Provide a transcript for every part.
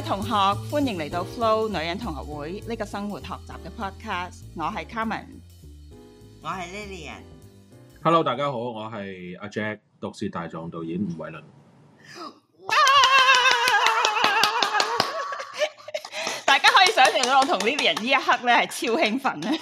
各位同學歡迎嚟到 Flo 女人同學會呢個生活學習嘅 podcast，我係 Carmen，我係 Lillian。Hello，大家好，我係阿 Jack，毒舌大狀導演吳煒倫。大家可以想象到我同 Lillian 呢一刻咧係超興奮咧，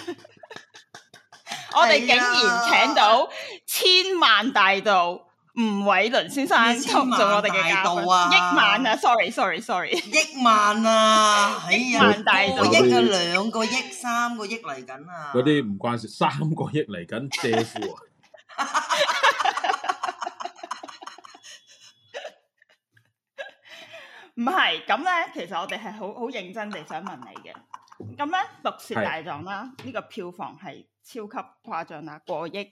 我哋竟然請到千萬大導。吳煒倫先生，吸咗我哋嘅教，億萬大導啊！億萬啊！sorry sorry sorry！億萬啊！億萬大導，億啊兩個億、三個億嚟緊啊！嗰啲唔關事，三個億嚟緊借負啊！唔係咁咧，其實我哋係好好認真地想問你嘅。咁咧，《毒舌大狀》啦，呢個票房係超級誇張啊，過億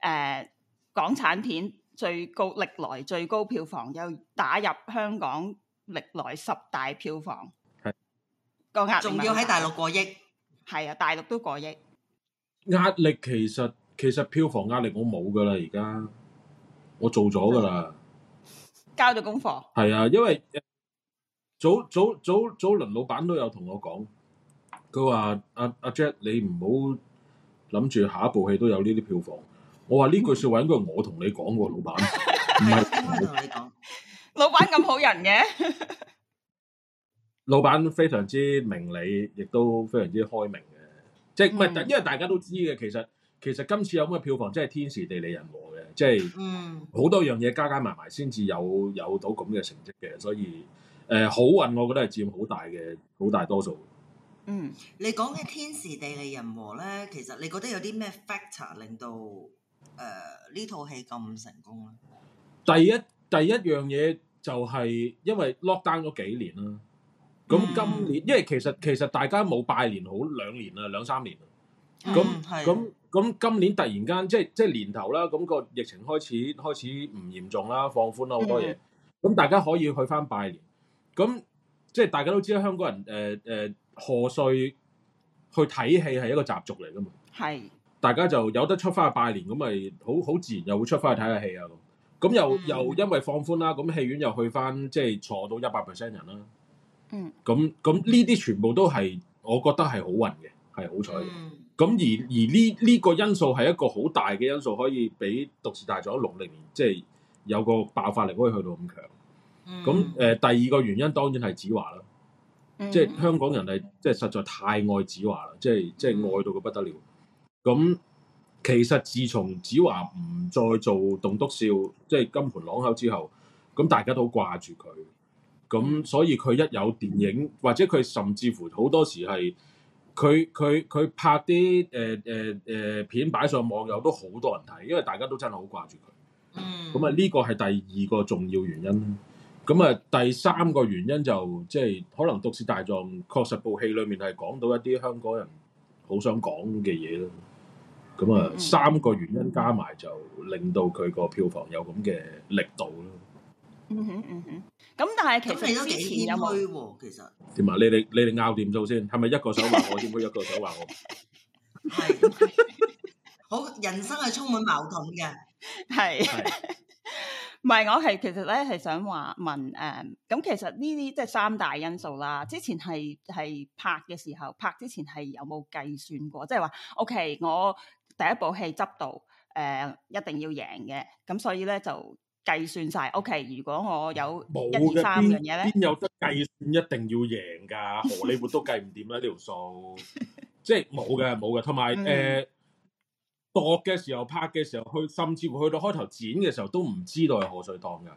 誒，港產片。最高歷來最高票房又打入香港歷來十大票房，是個壓，仲要喺大陸過億，係啊，大陸都過億。壓力其實其實票房壓力我冇噶啦，而家我做咗噶啦，交咗功課。係啊，因為早早早早輪老闆都有同我講，佢話阿阿 Jack 你唔好諗住下一部戲都有呢啲票房。我話呢句說話應該係我同你講過，老闆唔係我同你講。 老闆咁好人嘅， 老闆非常之明理，亦都非常之開明嘅，即係唔係？因、嗯、因為大家都知嘅，其實其實今次有咁嘅票房，真係天時地利人和嘅，即、就、係、是，嗯，好多樣嘢加加埋埋先至有有到咁嘅成績嘅，所以誒、呃、好運，我覺得係佔好大嘅好大多數。嗯，你講嘅天時地利人和咧，其實你覺得有啲咩 factor 令到？誒，呢套戲咁成功啦！第一第一樣嘢，就係因為 lockdown 嗰幾年啦，咁、嗯、今年因為其實其實大家冇拜年好兩年啦，兩三年咁，咁咁今年突然間即係即係年頭啦，咁、咁個疫情開始開始唔嚴重啦，放寬啦好多嘢，咁、嗯、大家可以去翻拜年，咁即係大家都知啦，香港人誒誒賀歲去睇戲係一個習俗嚟噶嘛，係。大家就有得出翻去拜年，咁咪好好自然又會出翻去睇下戲啊。咁又、嗯、又因為放寬啦，咁戲院又去翻即係坐到一百 percent 人啦。嗯，咁咁呢啲全部都係我覺得係好運嘅，係好彩嘅。咁、嗯、而而呢呢、呢個因素係一個好大嘅因素，可以俾毒舌大狀農曆年即係有個爆發力可以去到咁強。嗯，咁、呃、誒第二個原因當然係子華啦。即、就、係、是、香港人係即係實在太愛子華啦，即係即係愛到佢不得了。嗯嗯。咁其實自從子華唔再做棟篤笑，即係金盆朗口之後，咁大家都好掛住佢。咁所以佢一有電影，或者佢甚至乎好多時係佢佢佢拍啲誒誒誒片擺上網有都好多人睇，因為大家都真係好掛住佢。咁啊、嗯，呢個係第二個重要原因。咁啊，第三個原因就即係可能《毒舌大狀》確實部戲裡面係講到一啲香港人好想講嘅嘢咯。咁啊，三個原因加埋就令到佢個票房有咁嘅力度咯。嗯哼嗯哼，咁但係其實都幾謙虛喎，其實點啊？你哋你哋拗掂咗先，係咪一個手話我？點解一個手話我？係，好，人生係充滿矛盾嘅，係。唔係，我係其實咧係想話問誒，咁其實呢啲即係三大因素啦。之前係係拍嘅時候，拍之前係有冇計算過？即係話 OK，我。第一部戲執到誒，一定要贏嘅，咁所以咧就計算晒。OK，如果我有冇三樣嘢咧，邊有得計算？一定要贏噶，荷里活都計唔掂啦呢條數，即係冇嘅冇嘅。同埋、嗯、誒，拍嘅時候、拍嘅時候去，甚至乎去到開頭剪嘅時候，都唔知道係賀歲檔嘅，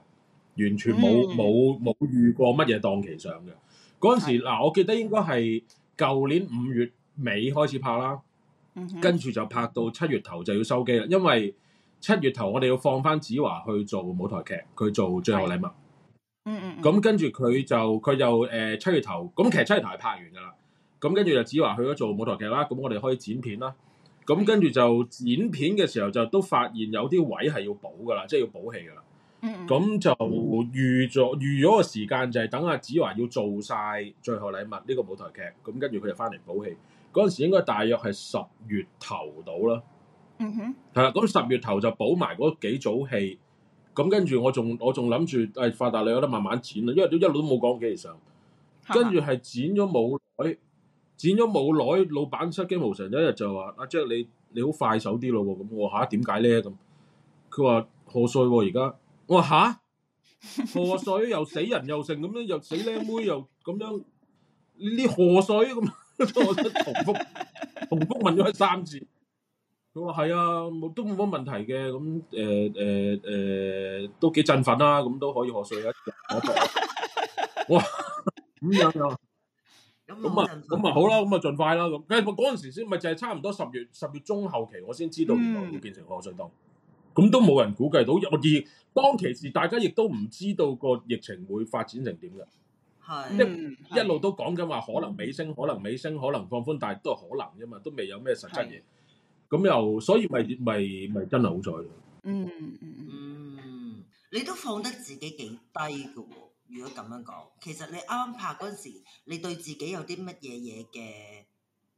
完全冇冇冇遇過乜嘢檔期上嘅。嗰陣時嗱、呃，我記得應該係舊年五月尾開始拍啦。跟住就拍到七月頭就要收機啦，因為七月頭我哋要放翻子華去做舞台劇，佢做最後禮物。嗯嗯的。咁跟住佢就佢就誒七、呃、月頭，咁其實七月頭係拍完噶啦。咁跟住就子華去咗做舞台劇啦。咁我哋可以剪片啦。咁的跟住就剪片嘅時候就都發現有啲位係要補噶啦，即、就、係、是、要補戲噶啦。咁的就預咗預咗個時間就係等阿子華要做晒最後禮物呢、這個舞台劇。咁跟住佢就翻嚟補戲。嗰陣時應該大約係十月頭到啦，嗯哼，係啦。咁十月頭就補埋嗰幾組戲，咁跟住我仲我仲諗住係發達，你有得慢慢剪啦，因為你一路都冇講幾時上，跟住係剪咗冇耐，剪咗冇耐，老闆失驚無常，一日就話：阿 Jack 你你好快手啲咯，咁我吓，點解咧咁？佢話賀歲喎，而家、啊、我話吓，賀歲、啊、又死人又成咁咧，又死靚妹又咁樣呢啲賀歲咁。 我重複重複問咗佢三次，佢話係啊，冇都冇乜問題嘅，咁誒誒誒，都幾振奮啦，咁都可以賀歲啊，哇，咁樣樣咁啊，咁啊好啦，咁啊盡快啦，咁，但嗰陣時先，咪就係差唔多十月十月中後期，我先知道原來會變成賀歲檔，咁都冇人估計到，我而當其時，大家亦都唔知道個疫情會發展成點嘅。即一路都講緊話，可能尾聲，可能尾聲，可能放寬，但係都係可能啫嘛，都未有咩實質嘢。咁又所以咪咪咪真係好彩。嗯嗯嗯嗯，你都放得自己幾低嘅喎？如果咁樣講，其實你啱啱拍嗰陣時，你對自己有啲乜嘢嘢嘅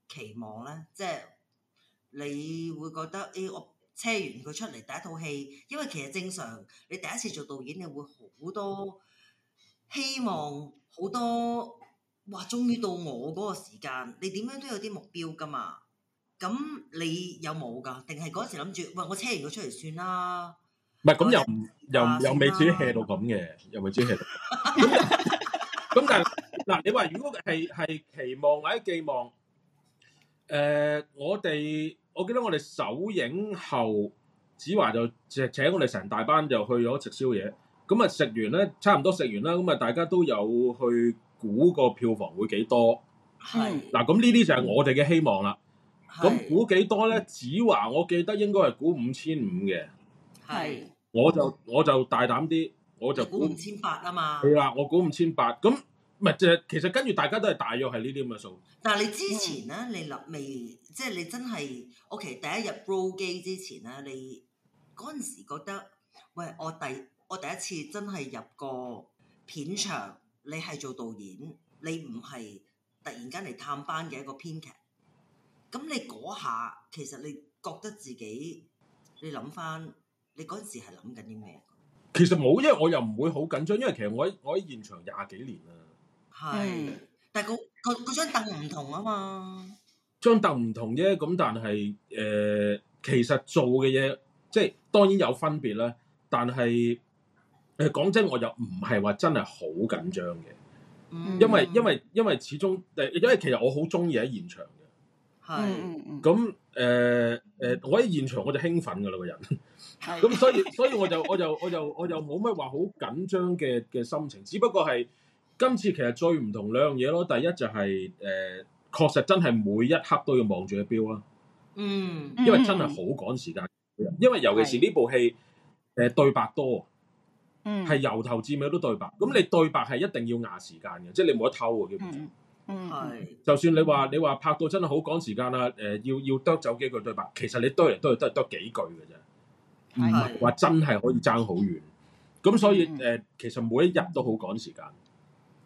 期望咧？即係你會覺得誒，我車完佢出嚟第一套戲，因為其實正常你第一次做導演，你會好多希望。好多哇！終於到我嗰個時間，你點樣都有啲目標㗎嘛？咁你有冇㗎？定係嗰時諗住，喂我車完佢出嚟算啦。唔係咁又唔又又未至於 hea 到咁嘅，又未至於 hea 到。咁但係嗱，你話如果係係期望或者寄望，誒，我哋我記得我哋首映後，子華就就請我哋成大班就去咗食宵夜。咁啊食完咧，差唔多食完啦，咁啊大家都有去估個票房會幾多？係嗱，是，咁呢啲就係我哋嘅希望啦。咁估幾多咧？子、嗯、華，我記得應該係估五千五嘅。係是，我就、嗯、我就大膽啲，我就估五千八啊嘛。係啦，我估五千八。咁咪是，即係其實跟住大家都係大約係呢啲咁嘅數。但係你之前咧、啊，你立未？即係你真係 O.K. 第一日播機之前咧、啊，你嗰陣時覺得喂，我第。我第一次真係入個片場，你係做導演，你唔係突然間嚟探班嘅一個編劇。咁你嗰下，其實你覺得自己，你諗翻，你嗰陣時係諗緊啲咩？其實冇，因為我又唔會好緊張，因為其實我喺我喺現場廿幾年啦。係，但係個嗰張凳唔同啊嘛，張凳唔同啫。咁但係誒，其實做嘅嘢，即係當然有分別啦。但係。誒，講真，我又唔係話真係好緊張嘅，因為因為因為始終誒，因為其實我好中意喺現場嘅，係是，咁誒誒，我喺現場我就興奮噶啦，個人，咁、 嗯嗯、 所以所以我就我就我就我就冇乜話好緊張嘅嘅心情，只不過係今次其實最唔同兩樣嘢咯，第一就係、是、誒、確、呃、實真係每一刻都要望住個表啦，嗯，因為真係好趕時間，嗯嗯、因為尤其是呢部戲誒、呃呃、對白多。係由頭至尾都對白，咁你對白係一定要押時間嘅，即係你冇得偷嘅，基本上。嗯，係、嗯。就算你話你話拍到真係好趕時間啦，誒、呃，要要多走幾句對白，其實你多嚟，多去都係得幾句嘅啫，唔係話真係可以爭好遠。咁、嗯、所以誒、呃，其實每一日都好趕時間。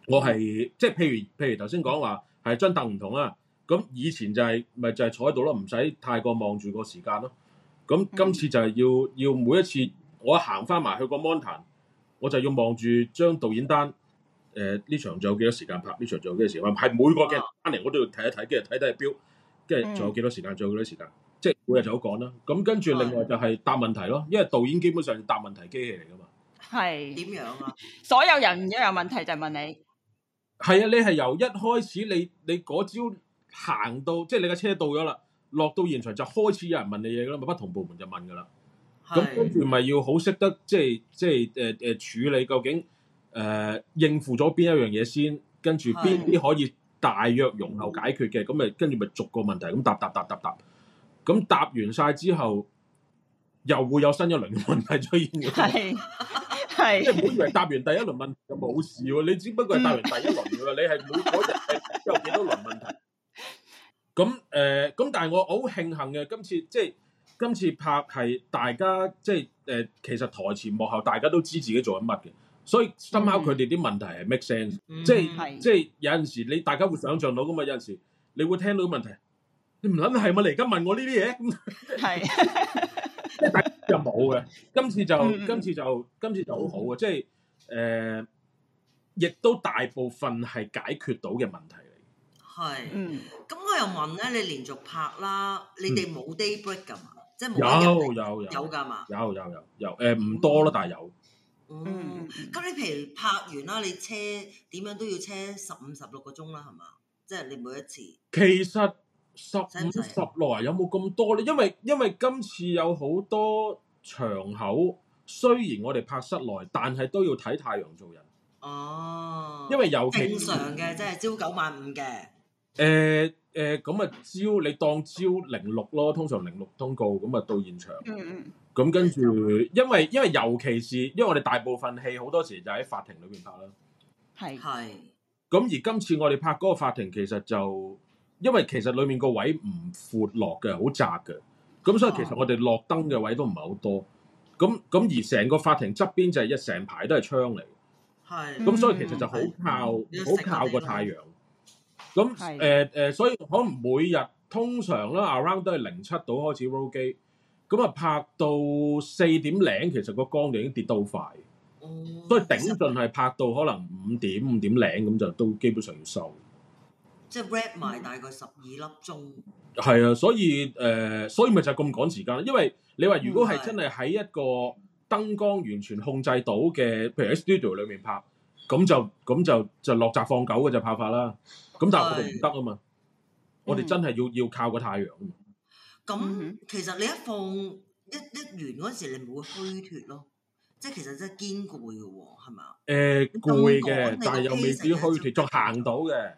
我係即係，譬如譬如頭先講話係張凳唔同啦、啊。咁以前就係、是、咪就係、是、坐喺度咯，唔使太過望住個時間咯、啊。咁今次就係要要每一次我行翻埋去個 mon 壇。我就要望住張導演單，誒、呃、呢場仲有幾多時間拍？呢場仲有幾多時間拍？係每個嘅翻嚟，我都要睇一睇，跟住睇睇表，跟住仲有幾多時間？仲、嗯、有幾多時間？即係每日就好講啦。咁跟住另外就係答問題咯，嗯、因為導演基本上要答問題機器嚟噶嘛。係點樣啊？ 所有人一有問題就問你。係啊，你係由一開始你你嗰朝行到，即、就、係、是、你嘅車到咗啦，落到現場就開始有人問你嘢噶啦，咪不同部門就問噶啦。咁是跟住咪要好識得即係即係誒誒處理，究竟誒、呃、應付咗邊一樣嘢先？跟住邊啲可以大約容後解決嘅？咁咪是跟住咪逐個問題咁答答答答答。咁答，答，答，答完晒之後，又會有新一輪問題出現嘅。係即係唔好以為答完第一輪問題就冇事喎，你只不過係答完第一輪㗎啦。嗯、你係每嗰日係有幾多輪問題？咁誒咁，但係我我好慶幸嘅，今次即係。今次拍係大家即係誒、呃，其實台前幕後大家都知自己做緊乜嘅，所以深諳佢哋啲問題係 make sense，即係是即係有陣時你大家會想像到㗎嘛，有陣時你會聽到問題，你唔撚係咪嚟而家問我呢啲嘢？係就冇嘅。今次就、嗯、今次就、嗯、今次就好好嘅，即係誒、呃，亦都大部分係解決到嘅問題嚟。係，咁我又問咧，你連續拍啦，你哋冇 day break 㗎嘛？有有有有㗎嘛？有有有有誒，唔多啦，但係有。嗯，咁你譬如拍完啦，你車點樣都要車十五十六個鐘啦，係嘛？即係你每一次。其實十五十六有冇咁多咧？因為因為今次有好多場口，雖然我哋拍室內，但係都要睇太陽做人。哦。因為尤其正常嘅，即係朝九晚五嘅。誒。.誒，咁啊招你當招零六咯，通常零六通告，咁啊到現場。嗯嗯。咁跟住，嗯、因為因為尤其是，因為我哋大部分戲好多時就喺法庭裏邊拍啦。係係是。咁是而今次我哋拍嗰個法庭，其實就因為其實裏面個位唔闊落嘅，好窄嘅。咁所以其實我哋落燈嘅位都唔係好多。咁咁而成個法庭側邊就係一成排都係窗嚟。係是。咁、嗯、所以其實就好靠好、嗯、是靠個太陽。咁誒誒，所以可能每日通常啦，around 都係零七度開始 roll 機，咁啊拍到四點零，其實個光度已經跌得好快，所以頂盡係拍到可能五點五點零，咁就都基本上要收，即係 wrap 埋大概十二粒鐘。係啊，所以誒，所以咪就係咁趕時間，因為你話如果係真係喺一個燈光完全控制到嘅，譬如喺 studio 裏面拍。咁就咁就就落閘放狗嘅就怕怕啦。咁但係我哋唔得啊嘛，我哋真係要要靠個太陽。咁其實你一放一一完嗰時，你唔會虛脫咯，即係其實真係堅攰嘅喎，係咪？誒，攰嘅，但係又未至虛脫，仲行到嘅。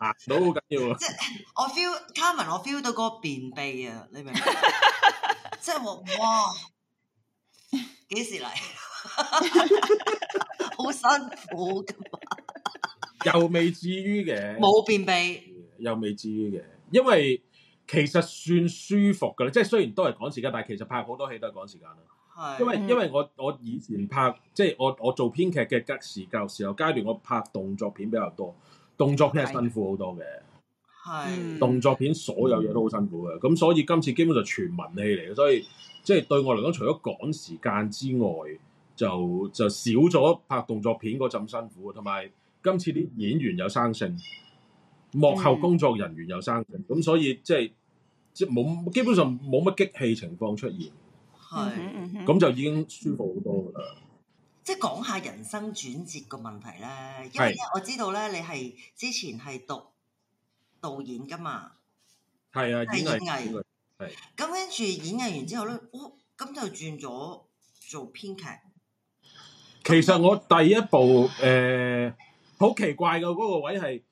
行到好緊要啊！即係我 feel，Carmen，我 feel 到個便秘啊，你明？即係我哇！幾時嚟？好 辛苦噶，又未至於嘅，冇便秘，又未至於嘅，因為其實算舒服噶啦，即係雖然都係趕時間，但係其實拍好多戲都係趕時間啦。係是，因為因為我我以前拍，即係我我做編劇嘅吉時教時候階段，我拍動作片比較多，動作片係辛苦好多嘅，係是，是動作片所有嘢都好辛苦嘅，咁、嗯、所以今次基本上全文戲嚟嘅，所以。即係對我嚟講，除咗趕時間之外，就就少咗拍動作片嗰陣辛苦，同埋今次啲演員有生性，幕後工作人員有生性，咁所以即係即冇基本上冇乜激氣情況出現，係咁就已經舒服好多㗎啦。即係講下人生轉折個問題咧，因為咧我知道咧，你係之前係讀導演㗎嘛？係啊，演藝。咁跟住演藝完之後咧，我咁就轉咗做編劇。 其實我第一部誒好奇怪嘅嗰、嗰個位係，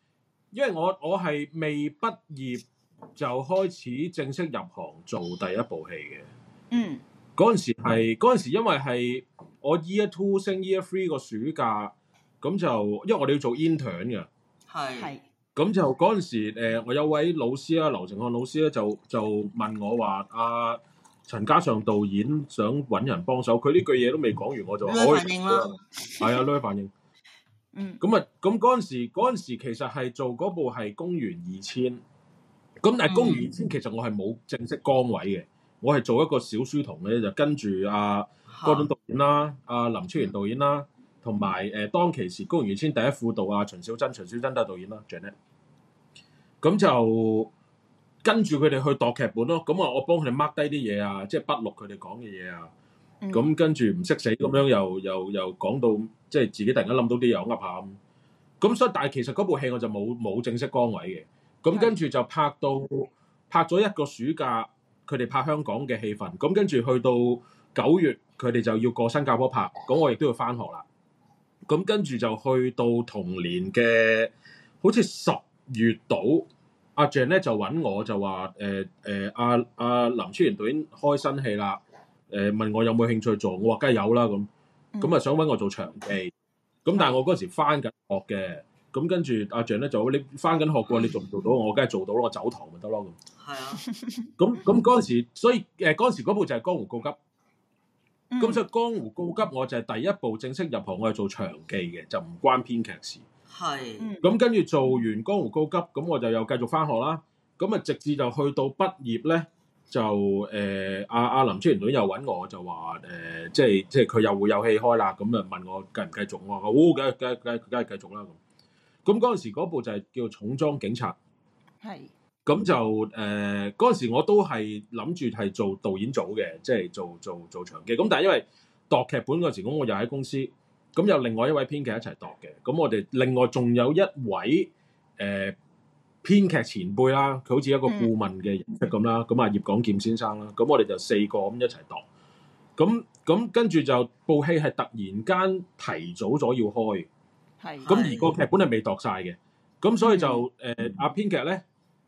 因為我我係未畢業就開始正式入行做第一部戲嘅。嗯，嗰陣時係嗰陣時，因為係我 year two 升 year three 個暑假，咁就因為我哋要做 intern 嘅，係係。咁就嗰陣時，誒，我有位老師啊，劉成漢老師咧，就就問我話、啊，阿陳嘉上導演想搵人幫手，佢呢句嘢都未講完，我就我，亂反應啦，係 啊樂，亂反應，嗯，咁啊，咁嗰陣時，嗰陣時其實係做嗰部係《公元二千》，咁但係《公元二千》其實我係冇正式崗位嘅，我係做一個小書童咧，就跟住啊嗰種導演啦，阿、啊、林超賢導演啦，同埋誒當其時《公元二千》第一副導啊，秦小珍、秦小珍都係導演啦，Janet。咁就跟住佢哋去度劇本咯，咁啊我幫佢哋 mark 低啲嘢啊，即係筆錄佢哋講嘅嘢啊。咁跟住唔識死咁樣又、嗯、又又講到，即係自己突然間諗到啲嘢，噏下咁。咁所以但係其實嗰部戲我就冇冇正式崗位嘅。咁跟住就拍到拍咗一個暑假，佢哋拍香港嘅戲份。咁跟住去到九月，佢哋就要過新加坡拍，咁我亦都要翻學啦。咁跟住就去到同年嘅好似十。遇到阿 Jeff 咧，就揾我就話，誒誒阿阿林超賢導演開新戲啦，誒、呃、問我有冇興趣做，我話梗係有啦咁，咁啊想揾我做場記，咁、嗯、但係我嗰陣時返緊學嘅，咁的跟住阿 Jeff 咧就話你返緊學嘅，你做唔做到？我梗係做到咯，我走堂咪得咯咁。係啊，咁咁嗰陣時，所以誒嗰陣時嗰部就係《江湖告急》嗯，咁所以《江湖告急》我就係第一部正式入行，我係做場記嘅，就唔關編劇事。係，咁跟住做完江湖高級，咁我就又繼續返學啦。咁啊，直至就去到畢業咧，就誒阿阿林超賢總又揾我就話誒、呃，即係即係佢又會有戲開啦。咁啊問我繼唔繼續？我話哦，梗係梗梗係繼續啦。咁咁嗰陣時嗰部就係叫重裝警察，係咁是就誒嗰陣時我都係諗住係做導演組嘅，即、就、係、是、做做做場記。咁但係因為度劇本嗰陣時，咁我又喺公司。咁有另外一位編劇一齊度嘅，咁我哋另外仲有一位誒、呃、編劇前輩啦，佢好似一個顧問嘅角色咁啦，咁、嗯、啊葉廣劍先生啦，咁我哋就四個咁一齊度，咁咁跟住就部戲係突然間提早咗要開，係的，咁而個劇本係未度晒嘅，咁所以就誒阿、呃嗯啊、編劇咧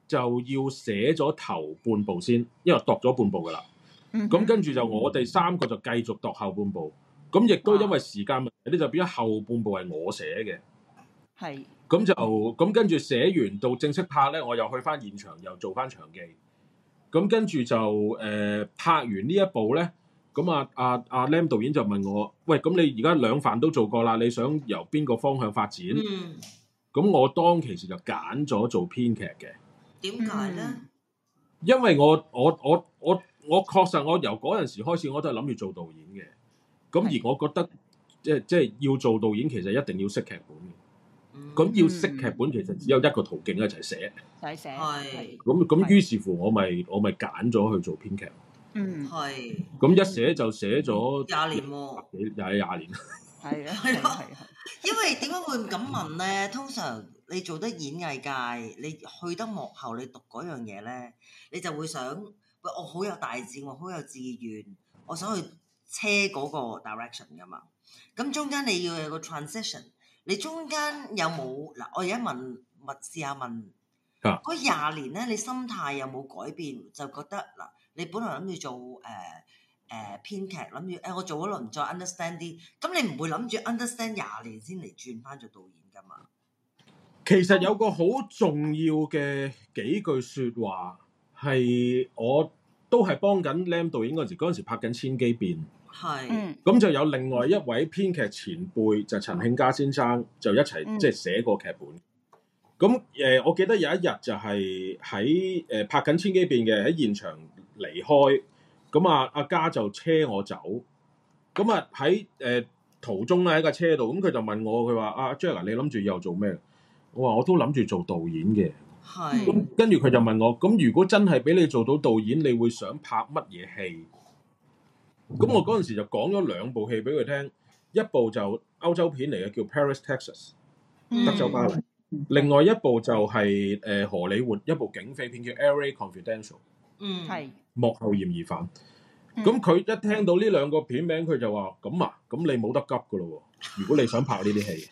就要寫咗頭半部先，因為度咗半部噶啦，咁跟住就我哋三個就繼續度後半部。咁亦都因為時間問題，呢就變咗後半部係我寫嘅。係咁是就咁跟住寫完到正式拍咧，我又去翻現場，又做翻場記。咁跟住就誒、呃、拍完呢一部咧，咁啊，阿、啊、阿、啊啊、Lam 導演就問我：喂，咁你而家兩瓣都做過啦，你想由邊個方向發展？咁、嗯、我當其時就揀咗做編劇嘅。點解咧？因為我我我我我，我確實我由嗰陣時開始我都係諗住做導演嘅。咁而我覺得，即係即係要做導演，其實一定要識劇本嘅。咁要識劇本，其實只有一個途徑咧，就係寫。寫寫，係。咁咁，於是乎我咪我咪揀咗去做編劇。嗯，係。咁一寫就寫咗廿年喎，幾又係廿年。係啊，係咯，係啊。因為點解會唔敢問咧？通常你做得演藝界，你去得幕後，你讀嗰樣嘢咧，你就會想：喂，我好有大志，我好有志願，我想去。車嗰個 direction 㗎嘛，咁中間你要有個 transition，你中間有冇嗱？我而家問，問試下問，嗰廿年咧，你心態有冇改變？就覺得嗱，你本來諗住做誒誒、呃呃、編劇，諗住誒我做咗輪再 understand 啲，咁你唔會諗住 understand 廿年先嚟轉翻做導演㗎嘛？其實有個好重要嘅幾句説話係，我都係幫緊 Lam 導演嗰陣時，嗰陣時拍緊《千機變》。係，咁、嗯、就有另外一位編劇前輩就陳慶嘉先生就一齊，即係寫過劇本。咁誒、嗯呃，我記得有一日就係喺誒拍緊千機變嘅喺現場離開。咁、嗯、啊，阿嘉就車我走。咁、嗯、啊喺誒、呃、途中咧喺架車度，咁、嗯、佢就問我，佢話阿 Jack，你諗住又做咩？我話我都諗住做導演嘅。係是。咁、嗯、跟住佢就問我，咁、嗯、如果真係俾你做到導演，你會想拍乜嘢戲？咁我嗰陣時就講咗兩部戲俾佢聽，一部就歐洲片嚟嘅叫 Paris Texas，德州巴黎。另外一部就係誒荷里活一部警匪片叫 LA Confidential，嗯，係幕後嫌疑犯。咁佢一聽到呢兩個片名，佢就話：咁啊，咁你冇得急噶咯喎！如果你想拍呢啲戲，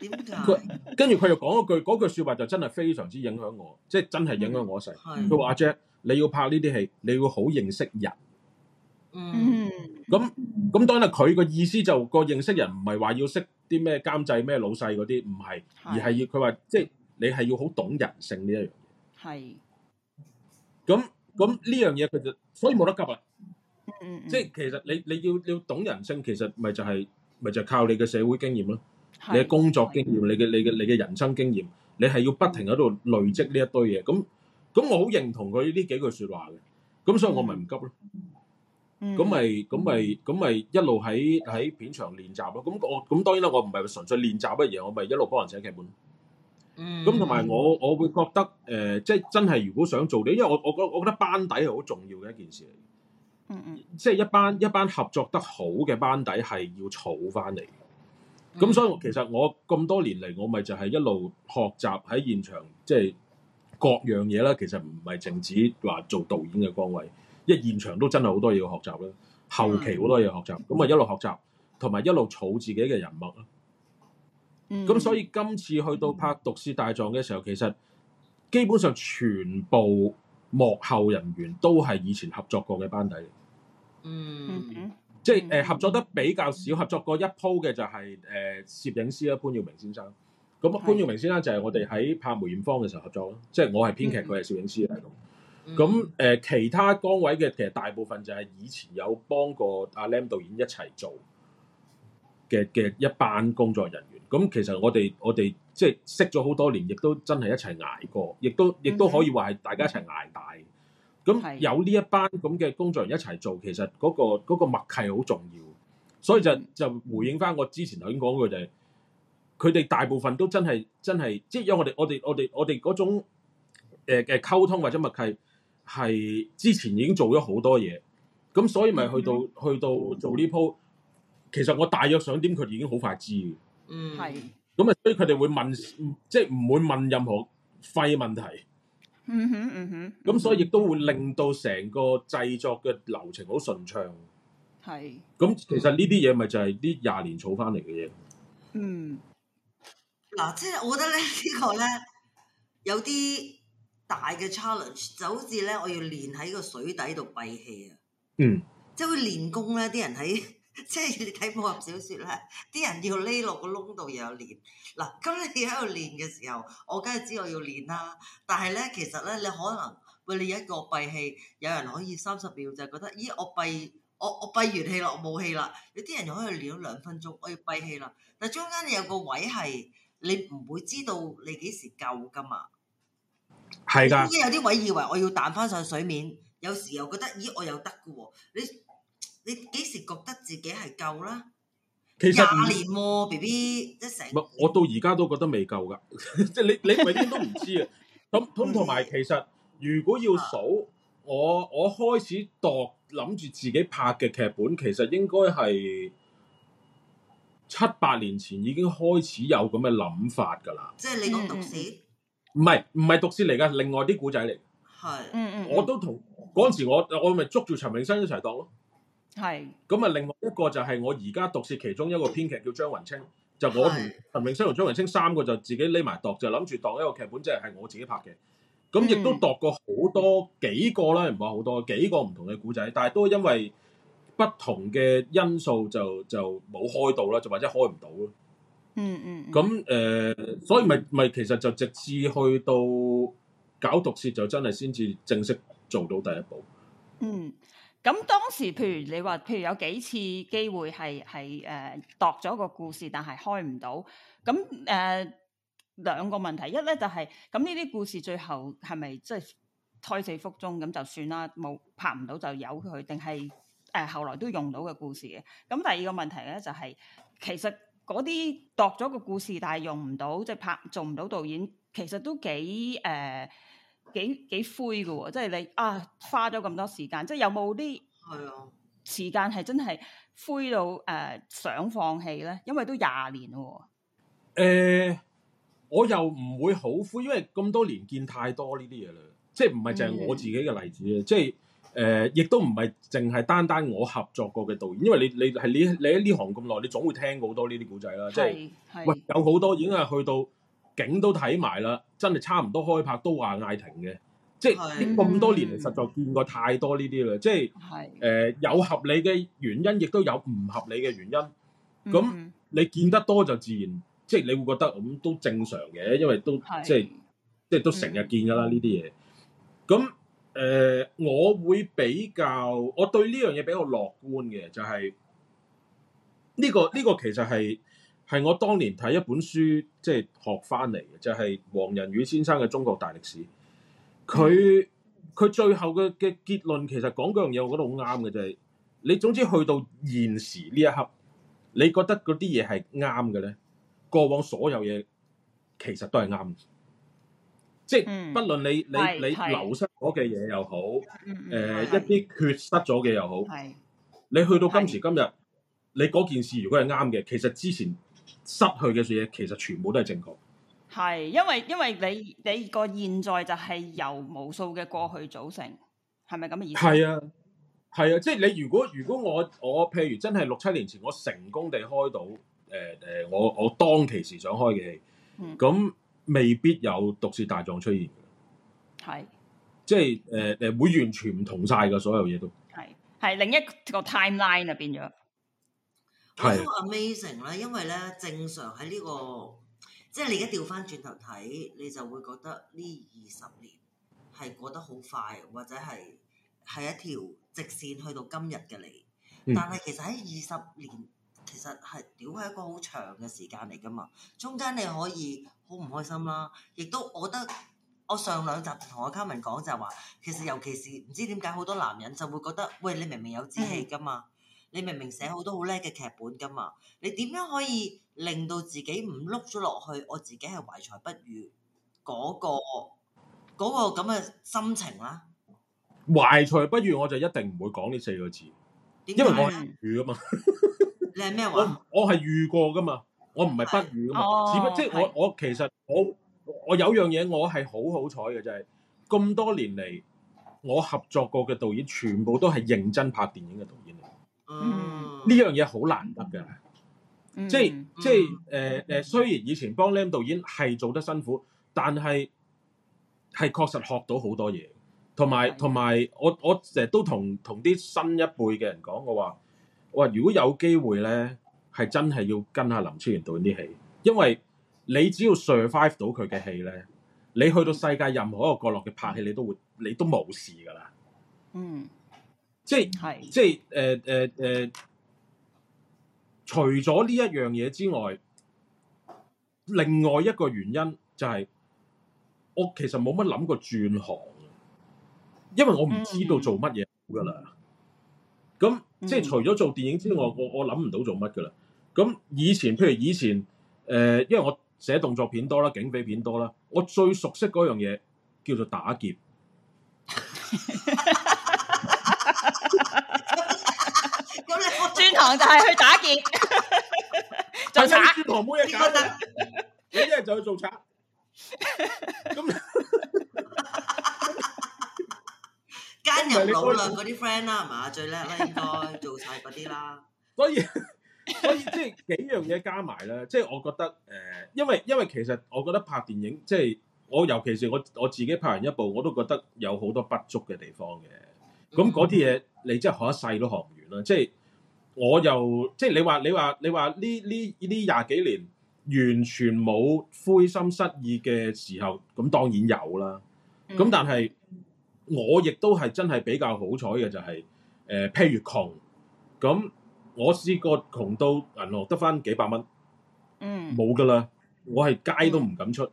點解？跟住佢又講一句嗰句説話，就真係非常之影響我，即係真係影響我一世。佢話阿 Jack，你要拍呢啲戲，你要好認識人。嗯，咁咁當然佢個意思就個認識人唔係話要識啲咩監製咩老細嗰啲，唔係，而係要佢話，即係你係要好懂人性呢一樣嘢。係，咁咁呢樣嘢佢就所以冇得急啦。嗯嗯嗯，即係其實你你要要懂人性，其實咪就係咪就靠你嘅社會經驗咯，你嘅工作經驗，你嘅你嘅你嘅人生經驗，你係要不停喺度累積呢一堆嘢。咁咁我好認同佢呢幾句說話嘅，咁所以我咪唔急咯。咁咪咁咪咁咪一路喺喺片場練習咯。咁我咁當然啦，我唔係純粹練習乜嘢，我咪一路幫人寫劇本。咁同埋我我會覺得誒、呃，即係真係如果想做嘅，因為我我我我覺得班底係好重要嘅一件事嚟。嗯嗯，即係一班一班合作得好嘅班底係要儲翻嚟。咁、嗯、所以其實我咁多年嚟，我咪就係一路學習喺現場，即係各樣嘢啦。其實唔係淨止話做導演嘅崗位。一現場都真係好多嘢要學習啦，後期好多嘢學習，咁啊一路學習，同埋一路儲自己嘅人物啦。咁、mm hmm. 所以今次去到拍《毒舌大狀》嘅時候，其實基本上全部幕後人員都係以前合作過嘅班底。嗯、mm，hmm. 即係誒、呃、合作得比較少，合作過一鋪嘅就係、是、誒、呃、攝影師啊，潘耀明先生。咁潘耀明先生就係我哋喺拍梅艷芳嘅時候合作咯，即係我係編劇，佢係攝影師嚟嘅。咁誒、呃，其他崗位嘅其實大部分就係以前有幫過阿 Lam 導演一齊做嘅嘅一班工作人員。咁其實我哋我哋即係識咗好多年，亦都真係一齊捱過，亦都亦都可以話係大家一齊捱大。咁有呢一班咁嘅工作人員一齊做，其實嗰個嗰個默契好重要。所以就就回應翻我之前頭先講嘅就係，佢哋大部分都真係真係，即係因為我哋我哋我哋我哋嗰種嘅、呃、溝通或者默契。係之前已經做咗好多嘢，咁所以咪去到、mm hmm. 去到做呢鋪，mm hmm. 其實我大約想點佢哋已經好快知，嗯，係。咁啊，所以佢哋會問，即係唔會問任何廢問題。嗯哼、mm，嗯、hmm. 哼、mm。咁、hmm. 所以亦都會令到成個製作嘅流程好順暢。係、mm。咁、hmm. 其實呢啲嘢咪就係呢廿年儲翻嚟嘅嘢。嗯。嗱，即係我覺得咧，呢個咧有啲。大嘅 challenge 就好似咧，我要練喺個水底度閉氣啊！嗯，即係會練功咧，啲人喺即係你睇《武俠小說》咧，啲人要匿落個窿度又有練嗱。咁你喺度練嘅時候，我梗係知道我要練啦。但係咧，其實咧，你可能會你一個閉氣，有人可以三十秒就覺得咦，我閉我我閉完氣啦，我冇氣啦。有啲人就可以練咗兩分鐘，我要閉氣啦。但係中間你有個位係你唔會知道你幾時夠㗎嘛？係噶，有啲位以為我要彈翻上水面，有時又覺得，咦，我又得噶喎？你你幾時覺得自己係夠啦？其實廿年喎，B B 一成。唔，我到而家都覺得未夠噶，即係你你永遠都唔知啊。咁咁同埋，其實如果要數、啊、我我開始度諗住自己拍嘅劇本，其實應該係七八年前已經開始有咁嘅諗法噶啦。即係你講讀寫。唔係唔係，毒舌嚟噶，另外啲古仔嚟。係，嗯嗯。我都同嗰陣時我，我我咪捉住陳明生一齊度咯。係是。咁啊，另外一個就係我而家毒舌其中一個編劇叫張雲清，就我同陳明生同張雲清三個就自己匿埋度，就諗住度一個劇本，即係係我自己拍嘅。咁亦都度過好多幾個啦，唔話，好多幾個唔同嘅古仔，但係都因為不同嘅因素就就冇開到啦，就或者開唔到咯。嗯嗯，咁誒，所以咪咪其實就直至去到搞毒舌就真係先至正式做到第一步。嗯，咁當時譬如你話，譬如有幾次機會係係誒度咗個故事，但係開唔到，咁誒兩個問題，一咧就係咁呢啲故事最後係咪即係胎死腹中咁就算啦？冇拍唔到就由佢，定係誒後來都用到嘅故事嘅？咁第二個問題咧就係其實。嗰啲度咗個故事，但係用唔到，即係拍做唔到導演，其實都幾誒、呃、幾幾灰嘅喎、哦，即係你啊花咗咁多時間，即係有冇啲時間係真係灰到誒、呃、想放棄咧？因為都廿年喎、哦。誒、呃，我又唔會好灰，因為咁多年見太多呢啲嘢啦，即係唔係淨係我自己嘅例子咧，嗯、即係。誒，亦都唔係淨係單單我合作過嘅導演，因為你你係你你喺呢行咁耐，你總會聽過好多呢啲故仔啦。即係，喂，有好多已經係去到景都睇埋啦，真係差唔多開拍都話嗌停嘅。即係咁多年嚟，實在見過太多呢啲啦。即係誒，有合理嘅原因，亦都有唔合理嘅原因。咁你見得多就自然，即係你會覺得咁都正常嘅，因為都即係即係都成日見㗎啦呢啲嘢。咁誒、呃，我會比較，我對呢樣嘢比較樂觀嘅，就係呢個呢個其實係係我當年睇一本書即係學翻嚟嘅，就係黃仁宇先生嘅《中國大歷史》。佢佢最後嘅嘅結論其實講嗰樣嘢，我覺得好啱嘅就係你。總之去到現時呢一刻，你覺得嗰啲嘢係啱嘅呢？過往所有嘢其實都係啱。即係，不論你、嗯、你你流失咗嘅嘢又好，誒一啲缺失咗嘅又好，的你去到今時今日，的你嗰件事如果係啱嘅，其實之前失去嘅嘢其實全部都係正確。係，因為因為你你個現在就係由無數嘅過去組成，係咪咁嘅意思？係啊，係啊，即係你如果如果我我譬如真係六七年前我成功地開到誒誒、呃、我我當其時想開嘅戲，咁。嗯未必有毒舌大狀出現，係是，即係誒誒會完全唔同晒嘅，所有嘢都係係另一個 timeline 啦。變咗，好 amazing 啦，因為咧正常喺呢個，即係你而家調翻轉頭睇，你就會覺得呢二十年係過得好快，或者係係一條直線去到今日嘅你，但係其實喺二十年。嗯其實係屌係一個好長嘅時間嚟噶嘛，中間你可以好唔開心啦、啊，亦都我覺得我上兩集同我卡文講就係話，其實尤其是唔知點解好多男人就會覺得，喂你明明有志氣噶嘛，你明明寫好多好叻嘅劇本噶嘛，你點樣可以令到自己唔碌咗落去？我自己係懷才不遇嗰、嗰個嗰咁嘅心情啦、啊。懷才不遇我就一定唔會講呢四個字，為因為我係女啊嘛。 你係咩話？我我係遇過㗎嘛，我唔係不遇㗎嘛，只不即係我我其實我我有樣嘢我係好好彩嘅就係、是、咁多年嚟我合作過嘅導演全部都係認真拍電影嘅導演嚟，呢、嗯、樣嘢好難得嘅、嗯，即係即係誒誒，雖然以前幫 Lam 導演係做得辛苦，但係係確實學到好多嘢，同埋同埋我我成日都同同啲新一輩嘅人講，我話。哇！如果有機會咧，係真係要跟下林超賢導啲戲，因為你只要 survive 到佢嘅戲咧，你去到世界任何一個角落嘅拍戲，你都會你都冇事噶啦。嗯，即係是即係誒誒誒，除咗呢一樣嘢之外，另外一個原因就係、是、我其實冇乜諗過轉行，因為我唔知道做乜嘢好噶啦。嗯嗯咁、嗯、即係除咗做電影之外，我我諗唔到做乜㗎喇。咁以前譬如以前，誒、呃，因為我寫動作片多啦，警匪片多啦，我最熟悉嗰樣嘢叫做打劫。咁我轉行就係去打劫， 做賊。轉行冇嘢搞，你一 就去做賊。咁。 間人老啦，嗰啲 friend 啦，係嘛， 最叻啦，應該 做晒嗰啲啦。所以，所以即係幾樣嘢加埋咧，即係我覺得誒，因為因為其實我覺得拍電影即係我，尤其是我我自己拍完一部，我都覺得有好多不足嘅地方嘅。咁嗰啲嘢你真係學一世都學唔完啦。即係我又即係你話你話你話呢呢呢廿幾年完全冇灰心失意嘅時候，咁當然有啦。咁但係。嗯我亦都係真係比較好彩嘅，就係誒譬如窮，咁我試過窮到銀行得翻幾百蚊，嗯，冇㗎啦，我係街都唔敢出，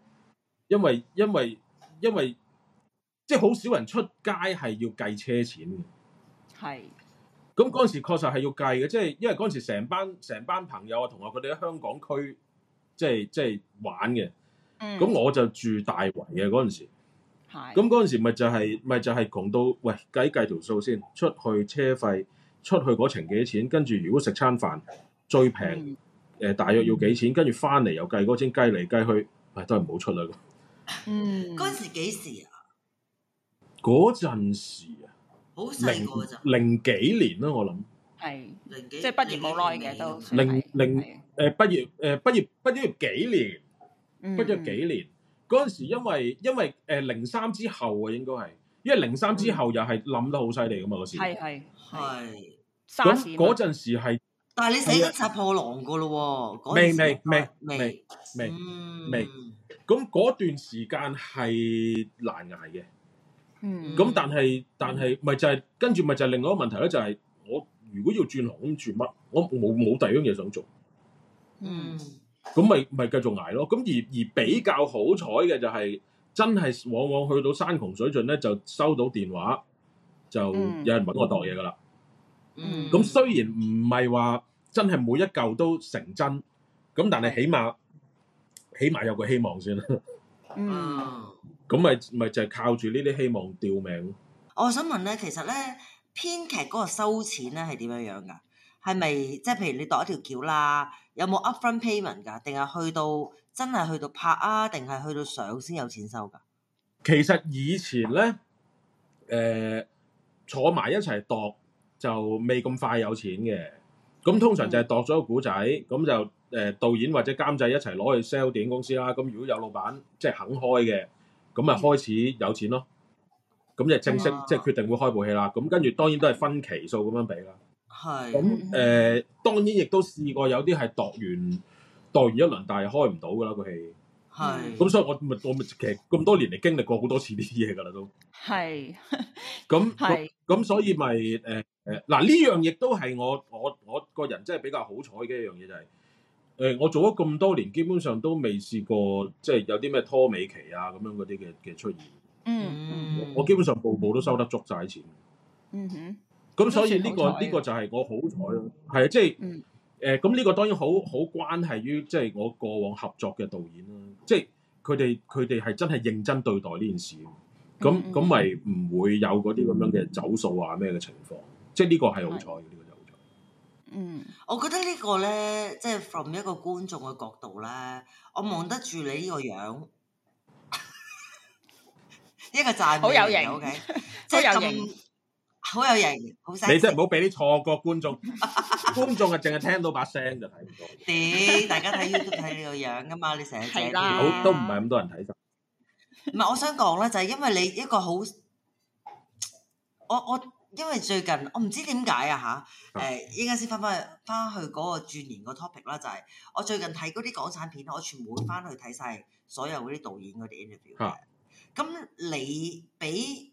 因為因為因為即係好少人出街係要計車錢嘅，係。咁嗰陣時確實係要計嘅，即係因為嗰陣時成班成班朋友啊同學，佢哋喺香港區即係即係玩嘅，嗯，咁我就住大圍嘅嗰陣時。嗯嗯咁嗰陣時咪就係咪就係窮到喂，計計條數先，出去車費，出去嗰程幾錢，跟住如果食餐飯最平，誒、嗯呃、大約要幾錢，跟住翻嚟又計嗰啲，計嚟計去，係、哎、都係唔好出啦。嗯，嗰陣時幾時啊？嗰陣時啊，零零幾年啦、啊，我諗係是零幾，即係畢業冇耐嘅都零零誒、呃、畢業誒畢業畢業幾年，畢業幾年。嗯嗰陣時，因為因為誒零三之後啊，應該係，因為零三之後又係冧得好犀利噶嘛，嗰時係係係嗰嗰陣時係，但係你死得殺破狼噶咯喎，明明明明明明，咁嗰段時間係難挨嘅，嗯，咁但係但係咪就係跟住咪就係另外一個問題咧，就係我如果要轉行，咁轉乜，我冇冇第二樣嘢想做，嗯。咁咪咪繼續挨咯，咁而而比較好彩嘅就係、是、真係往往去到山窮水盡咧，就收到電話就有人搵我度嘢噶啦。咁、嗯、雖然唔係話真係每一嚿都成真，咁但係起碼起碼有個希望先啦。咁咪咪就係靠住呢啲希望吊命。我想問咧，其實咧編劇嗰個收錢咧係點樣樣噶？係咪即係譬如你度一條橋啦？有冇 upfront payment 㗎？定係去到真係去到拍啊？定係去到上先有錢收㗎？其實以前咧，誒、呃、坐埋一齊度就未咁快有錢嘅。咁通常就係度咗個古仔，咁就誒、呃、導演或者監製一齊攞去 sell 電影公司啦。咁如果有老闆即係、就是、肯開嘅，咁咪開始有錢咯。咁就正式即係、嗯啊、決定會開部戲啦。咁跟住當然都係分期數咁樣畀啦。咁誒當然亦都試過有啲係度完度完一輪，但係開唔到噶啦個戲。係咁是、嗯，所以我咪我咪其實咁多年嚟經歷過好多次呢啲嘢噶啦都。係咁，係咁，所以咪誒誒嗱呢樣亦都係我我我個人真係比較好彩嘅一樣嘢就係、是、誒、呃、我做咗咁多年，基本上都未試過即係、就是、有啲咩拖尾期啊咁樣嗰啲嘅嘅出現。嗯，嗯我基本上步步都收得足晒啲錢。嗯哼。嗯咁所以呢個呢個就係我好彩咯，係啊、嗯，即係誒，咁呢個當然好好關係於即係我過往合作嘅導演啦，即係佢哋佢哋係真係認真對待呢件事，咁咁咪唔會有嗰啲咁樣嘅走數啊咩嘅情況，即係呢個係好彩嘅，呢個就好彩。嗯，我覺得呢個咧，即係 from 一個觀眾嘅角度咧，我望得住你呢個樣，mm. 一個讚，好有型，即係有型。好有型，好犀！你真係唔好俾啲錯覺觀眾，觀眾啊，淨係聽到把聲就睇唔到。屌，大家睇 YouTube 睇你個樣噶嘛？你成日都唔係咁多人睇晒唔係。我想講咧，就係因為你一個好，我我因為最近我唔知點解啊嚇。誒依家先翻翻去翻去嗰個轉年個 topic 啦，就係我最近睇嗰啲港產片，我全部會翻去睇曬所有嗰啲導演嗰啲 interview 嘅。咁你俾？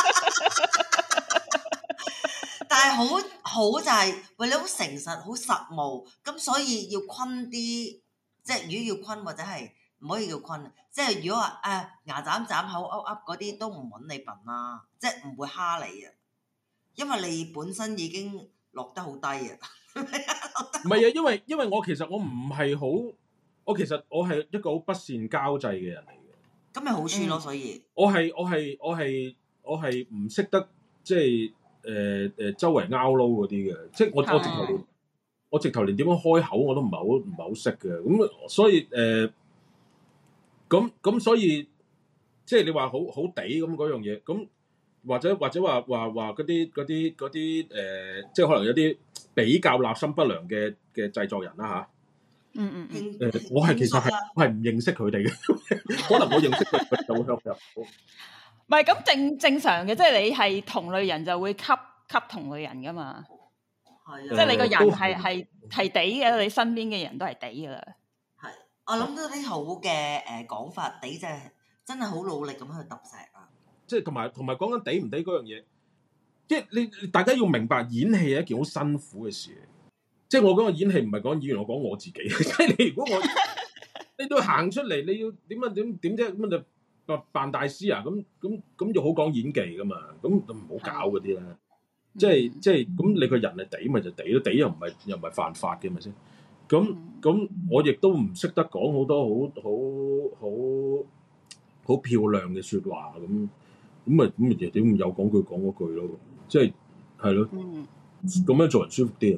但係好好就係、是，喂你好誠實，好實務，咁所以要坤啲，即係如果要坤，或者係唔可以叫坤，即係如果話誒、呃、牙斬斬口噏噏嗰啲都唔揾你笨啦，即係唔會蝦你啊，因為你本身已經落得好低啊。唔 係啊，因為因為我其實我唔係好，我其實我係一個好不善交際嘅人嚟嘅。咁咪好處咯，所以我。我係我係我係我係唔識得即係。誒誒、呃呃，周圍拗撈嗰啲嘅，即係我的我直頭連我直頭連點樣開口我都唔係好唔係好識嘅，咁、嗯、所以誒，咁、呃、咁、嗯嗯、所以即係你話好好地咁嗰樣嘢，咁、嗯、或者或者話話話嗰啲嗰啲啲誒，即係可能有啲比較立心不良嘅嘅製作人啦吓、啊嗯，嗯嗯誒、呃，我係其實係 我係唔認識佢哋嘅， 可能我認識佢佢就向入。 唔係咁正正常嘅，即係你係同類人就會吸吸同類人噶嘛。係啊，即係你個人係係係屌嘅，你身邊嘅人都係屌噶啦。係，我諗到啲好嘅誒講法，屌就真係好努力咁樣去揼石啊。即係同埋同埋講緊屌唔屌嗰樣嘢，即係你大家要明白演戲係一件好辛苦嘅事。即係我講演戲唔係講演員，我講我自己。即係你如果我你都行出嚟，你要點樣點點啫咁啊就。扮大師啊，咁咁咁就好講演技㗎嘛，咁都唔好搞嗰啲啦，即係、嗯、即係咁你個人係抵咪就抵、是、咯，抵又唔係又唔係犯法嘅咪先，咁咁我亦都唔識得講好多好好好好漂亮嘅説話咁，咁咪咁咪點有講句講嗰句咯，即係係咯，咁、嗯、樣做人舒服啲。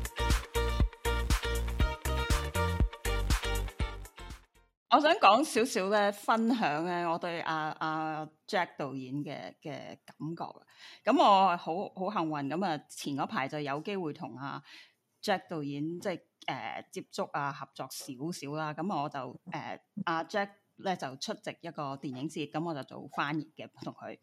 我想講少少咧，分享咧，我對阿、啊、阿、啊、Jack 導演嘅嘅感覺。咁、嗯、我好好幸運，咁、嗯、啊前嗰排就有機會同阿、啊、Jack 導演即係誒、呃、接觸啊合作少少啦。咁、嗯、我就誒阿、呃啊、Jack 咧就出席一個電影節，咁、嗯、我就做翻譯嘅同佢。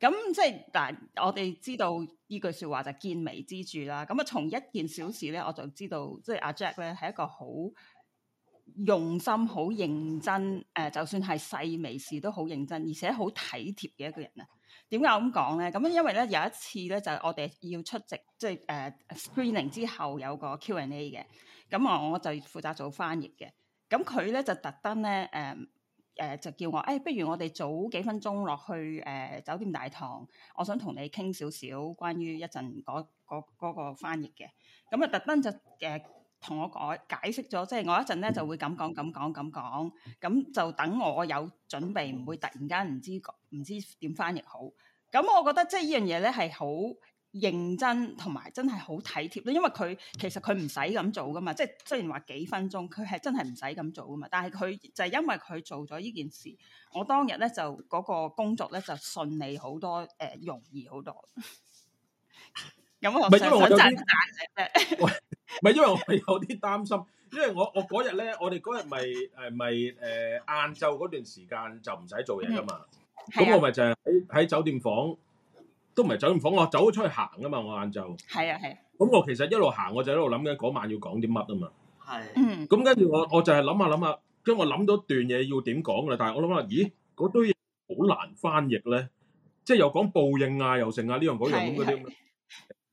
咁、嗯、即係嗱，但我哋知道呢句說話就見微知著啦。咁啊從一件小事咧，我就知道即係阿、啊、Jack 咧係一個好。用心好認真，誒、呃，就算係細微事都好認真，而且好體貼嘅一個人啊。點解咁講咧？咁因為咧有一次咧，就我哋要出席，即係誒、呃、screening 之後有個 Q and A 嘅，咁啊，我就負責做翻譯嘅。咁佢咧就特登咧誒誒，就叫我誒，不、哎、如我哋早幾分鐘落去誒、呃、酒店大堂，我想同你傾少少關於一陣嗰、嗰個嗰個嗰個翻譯嘅。咁啊，特登就誒。同我解解釋咗，即係我一陣咧就會咁講咁講咁講，咁就等我有準備，唔會突然間唔知唔知點翻譯好。咁我覺得即係呢樣嘢咧係好認真同埋真係好體貼咯，因為佢其實佢唔使咁做噶嘛，即係雖然話幾分鐘，佢係真係唔使咁做噶嘛。但係佢就係、是、因為佢做咗呢件事，我當日咧就嗰、那個工作咧就順利好多，誒、呃、容易好多。 唔係，因為我有啲擔心，因為我我嗰日咧，我哋嗰日咪誒咪誒晏晝嗰段時間就唔使做嘢㗎嘛，咁我咪就係喺喺酒店房，都唔係酒店房，我走咗出去行㗎嘛，我晏晝。係啊係。咁我其實一路行，我就喺度諗緊嗰晚要講啲乜㗎嘛。係。咁跟住我我就係諗下諗下，跟住我諗到段嘢要點講㗎喇，但係我諗下，咦嗰堆嘢好難翻譯咧，即係又講報應啊，又剩啊呢樣嗰樣咁嗰啲咁。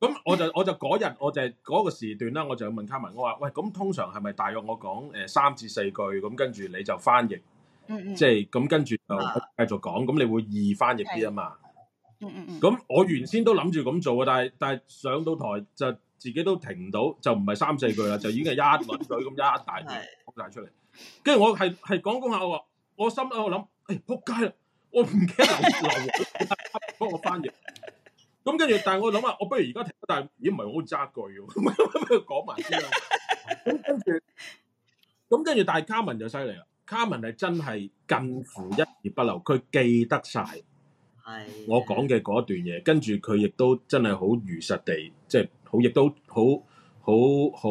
咁我就我就嗰日我就係、是、嗰、那個時段啦，我就問卡文我話：喂，咁通常係咪大約我講誒三、呃、至四句，咁跟住你就翻譯，即係咁跟住就繼續講，咁、嗯、你會易翻譯啲啊嘛？咁、嗯嗯、我原先都諗住咁做嘅，但係但係上到台就自己都停唔到，就唔係三四句啦，就已經係一輪嘴咁一大段 講曬出嚟。跟住我係係講講下，我心啊，我諗，哎、呃，仆街啦，我唔記得留留我幫我翻譯。 咁跟住，但係我諗下，我不如而家停。但係，咦，唔係好揸句喎，咁樣講埋先啦。咁跟住，咁跟住，但係卡文就犀利啦。卡文係真係近乎一字不漏，佢記得晒我講嘅嗰段嘢。 跟住佢亦都真係好如實地，即係好，亦都好好好好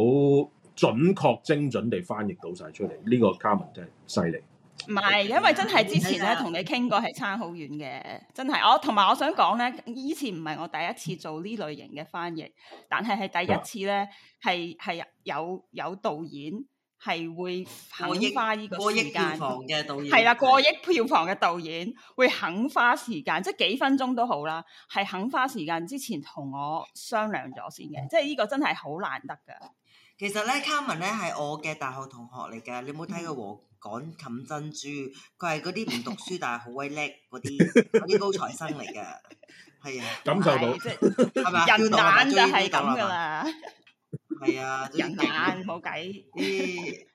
準確、精準地翻譯到晒出嚟。呢個卡文真係犀利。唔係，因為真係之前咧同你傾過係差好遠嘅，真係。我同埋我想講咧，以前唔係我第一次做呢類型嘅翻譯，但係係第一次咧，係係有有導演係會肯花呢個時間過。過億票房嘅導演係啦，過億票房嘅導演會肯花時間，時間係啦，即係幾分鐘都好啦，係肯花時間之前同我商量咗先嘅，即係呢個真係好難得㗎。其實咧，Carmen 咧係我嘅大學同學嚟嘅。你冇睇佢和趕冚珍珠，佢係嗰啲唔讀書但係好鬼叻嗰啲嗰啲高材生嚟嘅。係啊，感受到即係，係嘛？人眼就係咁噶啦。係啊，人眼冇計。咦？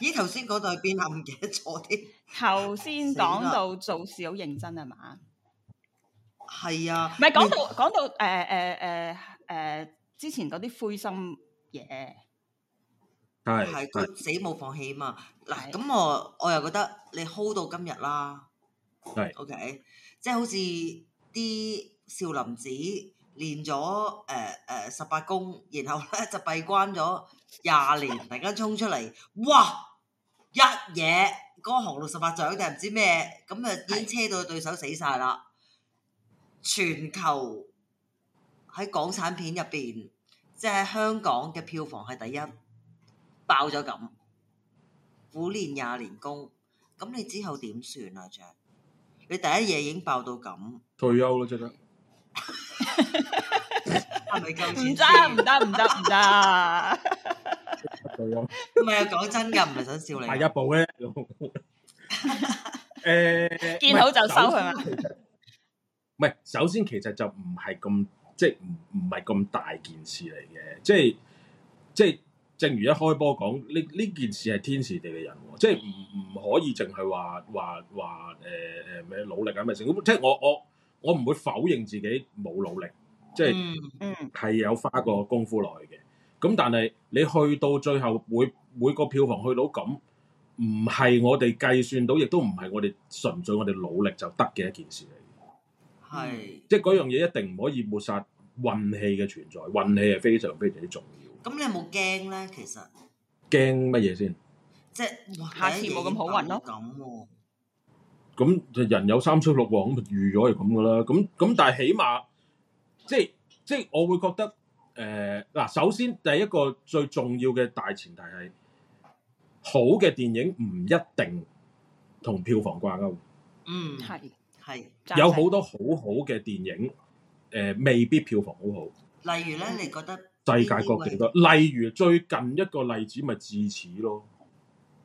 咦？頭先講到邊啊？唔記得咗添。頭先講到做事好認真，係嘛？係啊。唔係講到講到誒誒誒誒。之前嗰啲灰心嘢，但係佢死冇放棄啊嘛！嗱咁我我又覺得你 hold 到今日啦，係是 OK，即係好似啲少林寺練咗誒誒十八功，然後咧就閉關咗廿年，突然間衝出嚟，哇！一嘢嗰、那個、行六十八掌定唔知咩，咁啊已經車到對手死晒啦，是全球。喺港產片入邊，即係香港嘅票房係第一，爆咗咁，苦練廿年功。咁你之後點算啊？著你第一夜已經爆到咁，退休啦！真係，係咪夠錢先？唔得唔得唔得唔得！退休唔係啊！講真㗎，唔係想笑你。下一步咧，誒，見好就收佢啦。唔係，首先其實就唔係咁。即係唔唔係咁大件事嚟嘅，即係即係，正如一開波講，呢呢件事係天時地利人和，即係唔唔可以淨係話話話誒誒咩努力啊咩成，即係我我我唔會否認自己冇努力，即係係、嗯嗯、有花過功夫落去嘅。咁但係你去到最後，每每個票房去到咁，唔係我哋計算到，亦都唔係我哋純粹我哋努力就得嘅一件事嚟。係，即係嗰樣嘢一定唔可以抹殺運氣嘅存在，運氣係非常非常之重要。咁你有冇驚咧？其實驚乜嘢先？即係下次冇咁好運咯。咁就人有三衰六旺，咁預咗係咁噶啦。咁咁但係起碼，即係即係我會覺得，誒嗱，首先第一個最重要嘅大前提係好嘅電影唔一定同票房掛鈎。嗯，係。係有很多很好多好好嘅電影，誒、呃、未必票房好好。例如咧，你覺得？世界各地多，例如最近一個例子，咪至此咯。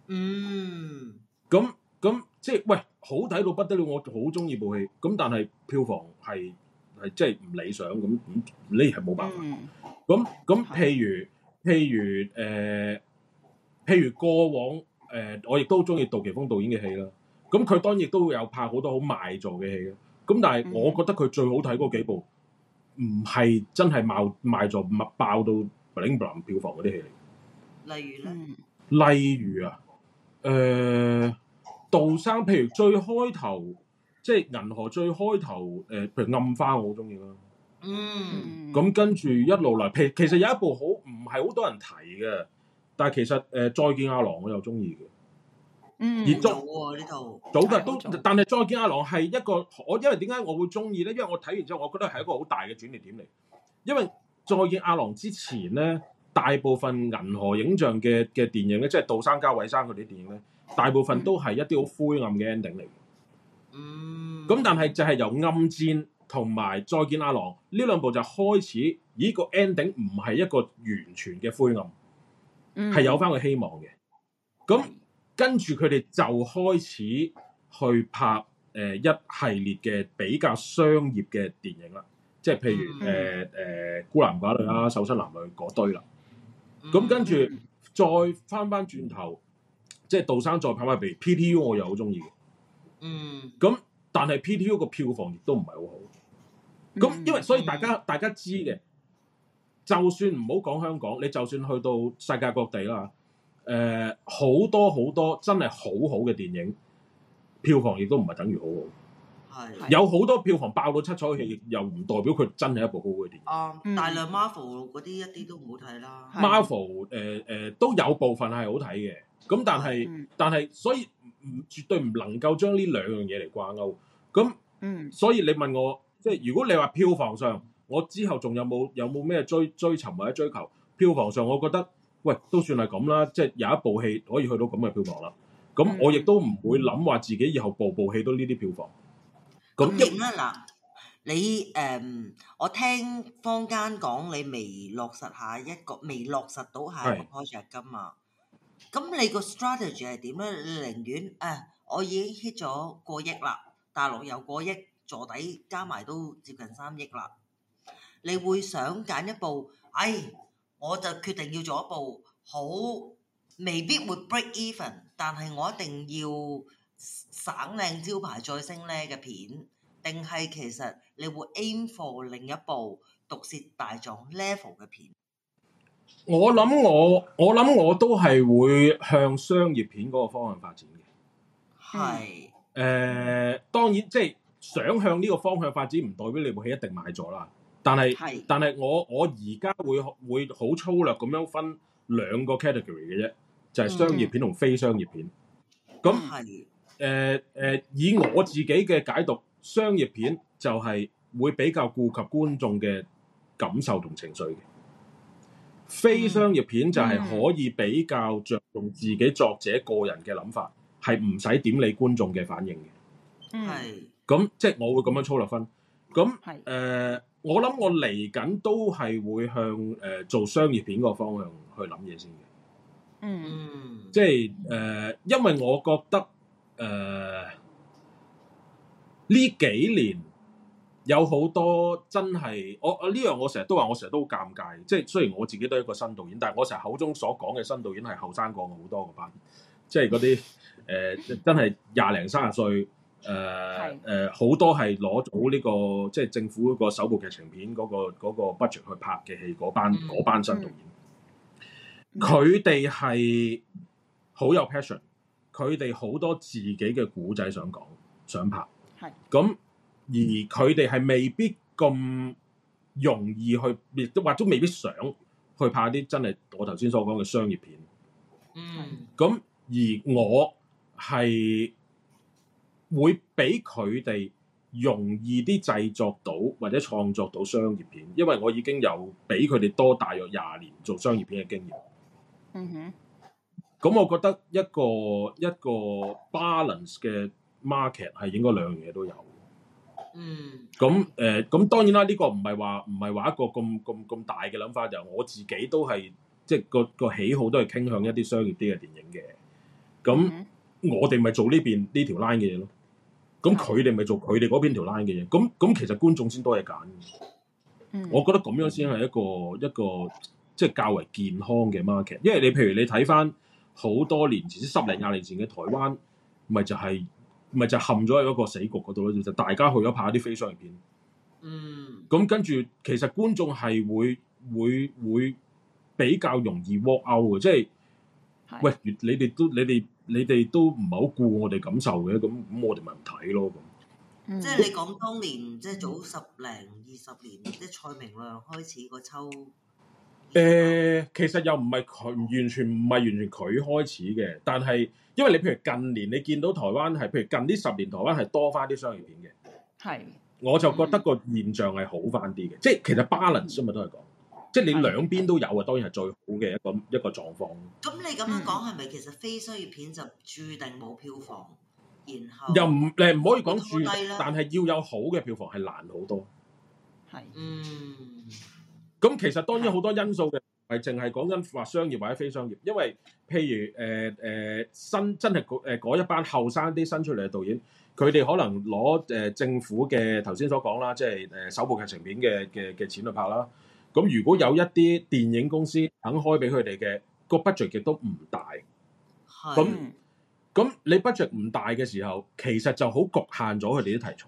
嗯。咁咁即係喂，好睇到不得了，我好中意部戲，咁但係票房係係即係唔理想，咁呢係冇辦法。咁咁、嗯，譬如譬如誒、呃，譬如過往誒、呃，我亦都中意杜琪峰導演嘅戲啦。咁佢當然亦都會有拍好多好賣座嘅戲嘅，咁但係我覺得佢最好睇嗰幾部，唔係真係賣賣座，爆到 bling bling 票房嗰啲戲。例如咧，例如啊，誒，杜生，譬如最開頭，即係銀河最開頭，誒，譬如《暗花》，我好中意啦。嗯。咁跟住一路嚟，譬其實有一部好唔係好多人提嘅，但係其實誒，《再見阿郎》我又中意嘅。嗯，而再早㗎都，但係《再見阿郎》係一個我，因為點解我會中意咧？因為我睇完之後，我覺得係一個好大嘅轉折點嚟。因為《再見阿郎》之前咧，大部分銀河影像嘅嘅電影咧，即係杜生加偉生佢哋啲電影咧，大部分都係一啲好灰暗嘅 ending 嚟。嗯。咁但係就係由暗《暗戰》同埋《再見阿郎》呢兩部就開始，咦個 ending 唔係一個完全嘅灰暗，係、嗯、有翻個希望嘅。咁跟住佢哋就開始去拍誒、呃、一系列嘅比較商業嘅電影啦，即係譬如誒誒、呃呃、孤男寡女啦、啊、瘦身男女嗰堆啦。咁、嗯、跟住再翻翻轉頭，即係杜生再拍翻譬如 P T U，我又好中意嘅。嗯。咁但係 P T U 個票房亦都唔係好好。咁、嗯、因為所以大家、嗯、大家知嘅，就算唔好講香港，你就算去到世界各地啦。誒，好、呃、多好多真係好好嘅電影，票房亦都唔係等於好好。係的有好多票房爆到七彩，亦又唔代表佢真係一部好好嘅電影。啱、啊，嗯、大量 Marvel 嗰啲一啲都唔好睇啦。的 Marvel 誒、呃、誒、呃、都有部分係好睇嘅，咁但係、嗯、但係所以唔絕對唔能夠將呢兩樣嘢嚟掛鈎。咁嗯，所以你問我，即係如果你話票房上，我之後仲有冇有冇咩追追尋或者追求票房上，我覺得。喂，都算係咁啦，即係有一部戲可以去到咁嘅票房啦。咁我亦都唔會諗話自己以後部部戲都呢啲票房。咁，點啦嗱，你誒，我聽坊間講你未落實下一個，未落實到下一個 project 噶嘛？咁你個 strategy 係點咧？你寧願誒，我已經 hit 咗過億啦，大陸有過億坐底加埋都接近三億啦。你會想揀一部？誒？我就決定要做一部好未必會 break even，但係我一定要省靚招牌再升呢嘅片，定係其實你會 aim for 另一部毒舌大狀 level 嘅片？我諗我我諗我都係會向商業片嗰個方向發展嘅。係是。誒、嗯呃，當然即係想向呢個方向發展，唔代表你部戲一定買咗啦。但係，但係我我而家會會好粗略咁樣分兩個 category 嘅啫，就係、是、商業片同非商業片。咁，誒、呃、誒、呃，以我自己嘅解讀，商業片就係會比較顧及觀眾嘅感受同情緒嘅，非商業片就係可以比較着重自己作者個人嘅諗法，係唔使點理觀眾嘅反應嘅。係。咁即係我會咁樣粗略分。咁，誒、呃。我諗我嚟緊都係會向誒、呃、做商業片個方向去諗嘢先嘅、就是，嗯，即係誒，因為我覺得誒呢、呃、幾年有好多真係我啊呢樣，我成日都話我成日都好尷尬，即係、就是、雖然我自己都係一個新導演，但係我成日口中所講嘅新導演係後生過我好多嘅班，即係嗰啲誒真係廿零三十歲。誒誒，好、uh, uh, 是多係攞到呢個即係、就是、政府嗰個首部劇情片嗰、那個、那個、budget 去拍嘅戲，嗰班嗰、嗯、班新導演，佢哋係好有 passion，佢哋好多自己嘅古仔想講想拍，係咁是而佢哋係未必咁容易去，亦都或者未必想去拍啲真係我頭先所講嘅商業片。嗯，咁而我係。會俾佢哋容易啲製作到或者創作到商業片，因為我已經有俾佢哋多大約廿年做商業片嘅經驗。嗯哼。咁我覺得一個一個 balance 嘅 market 係應該兩樣嘢都有。嗯。咁誒，咁當然啦，呢個唔係話唔係話一個咁咁咁大嘅諗法，就係我自己都係即係個個喜好都係傾向一啲商業啲嘅電影嘅。咁我哋咪做呢邊呢條 line 嘅嘢咯。咁佢哋咪做佢哋嗰邊條 line 嘅嘢，咁咁其實觀眾先多嘢揀嘅。嗯、我覺得咁樣先係一個一個即係、即係、較為健康嘅 market，因為你譬如你睇翻好多年前十零廿年,年前嘅台灣，咪就係、係、咪就係就係、陷咗喺一個死局嗰度咧，就、大家去咗拍啲飛上片。嗯。咁跟住，其實觀眾係會會會比較容易 work out 嘅，即、就、係、係、係嘅喂，你哋都你哋。你哋都唔係好顧我哋感受嘅，咁咁我哋咪唔睇咯。咁即係你講當年，即係早十零二十年，即係蔡明亮開始個秋。誒，其實又唔係佢，完全唔係完全佢開始嘅。但係因為你譬如近年，你見到台灣係譬如近呢十年，台灣係多翻啲商業片嘅。係。我就覺得個現象係好翻啲嘅，即係其實 balance 咪都係講。嗯。即係你兩邊都有啊，當然係最好嘅一個一個狀況。咁你咁樣講係咪其實非商業片就注定冇票房？然後又唔誒唔可以講注定，但係要有好嘅票房係難好多。係，嗯。咁其實當然好多因素嘅，係淨係講緊話商業或者非商業，因為譬如誒誒、呃、新真係嗰誒一班後生啲新出嚟嘅導演，佢哋可能攞誒政府嘅頭先所講啦，即係誒首部劇情片嘅嘅嘅錢去拍啦。咁如果有一啲電影公司肯開俾佢哋嘅，個 budget 亦都唔大，咁咁你 budget 唔大嘅時候，其實就好局限咗佢哋啲題材。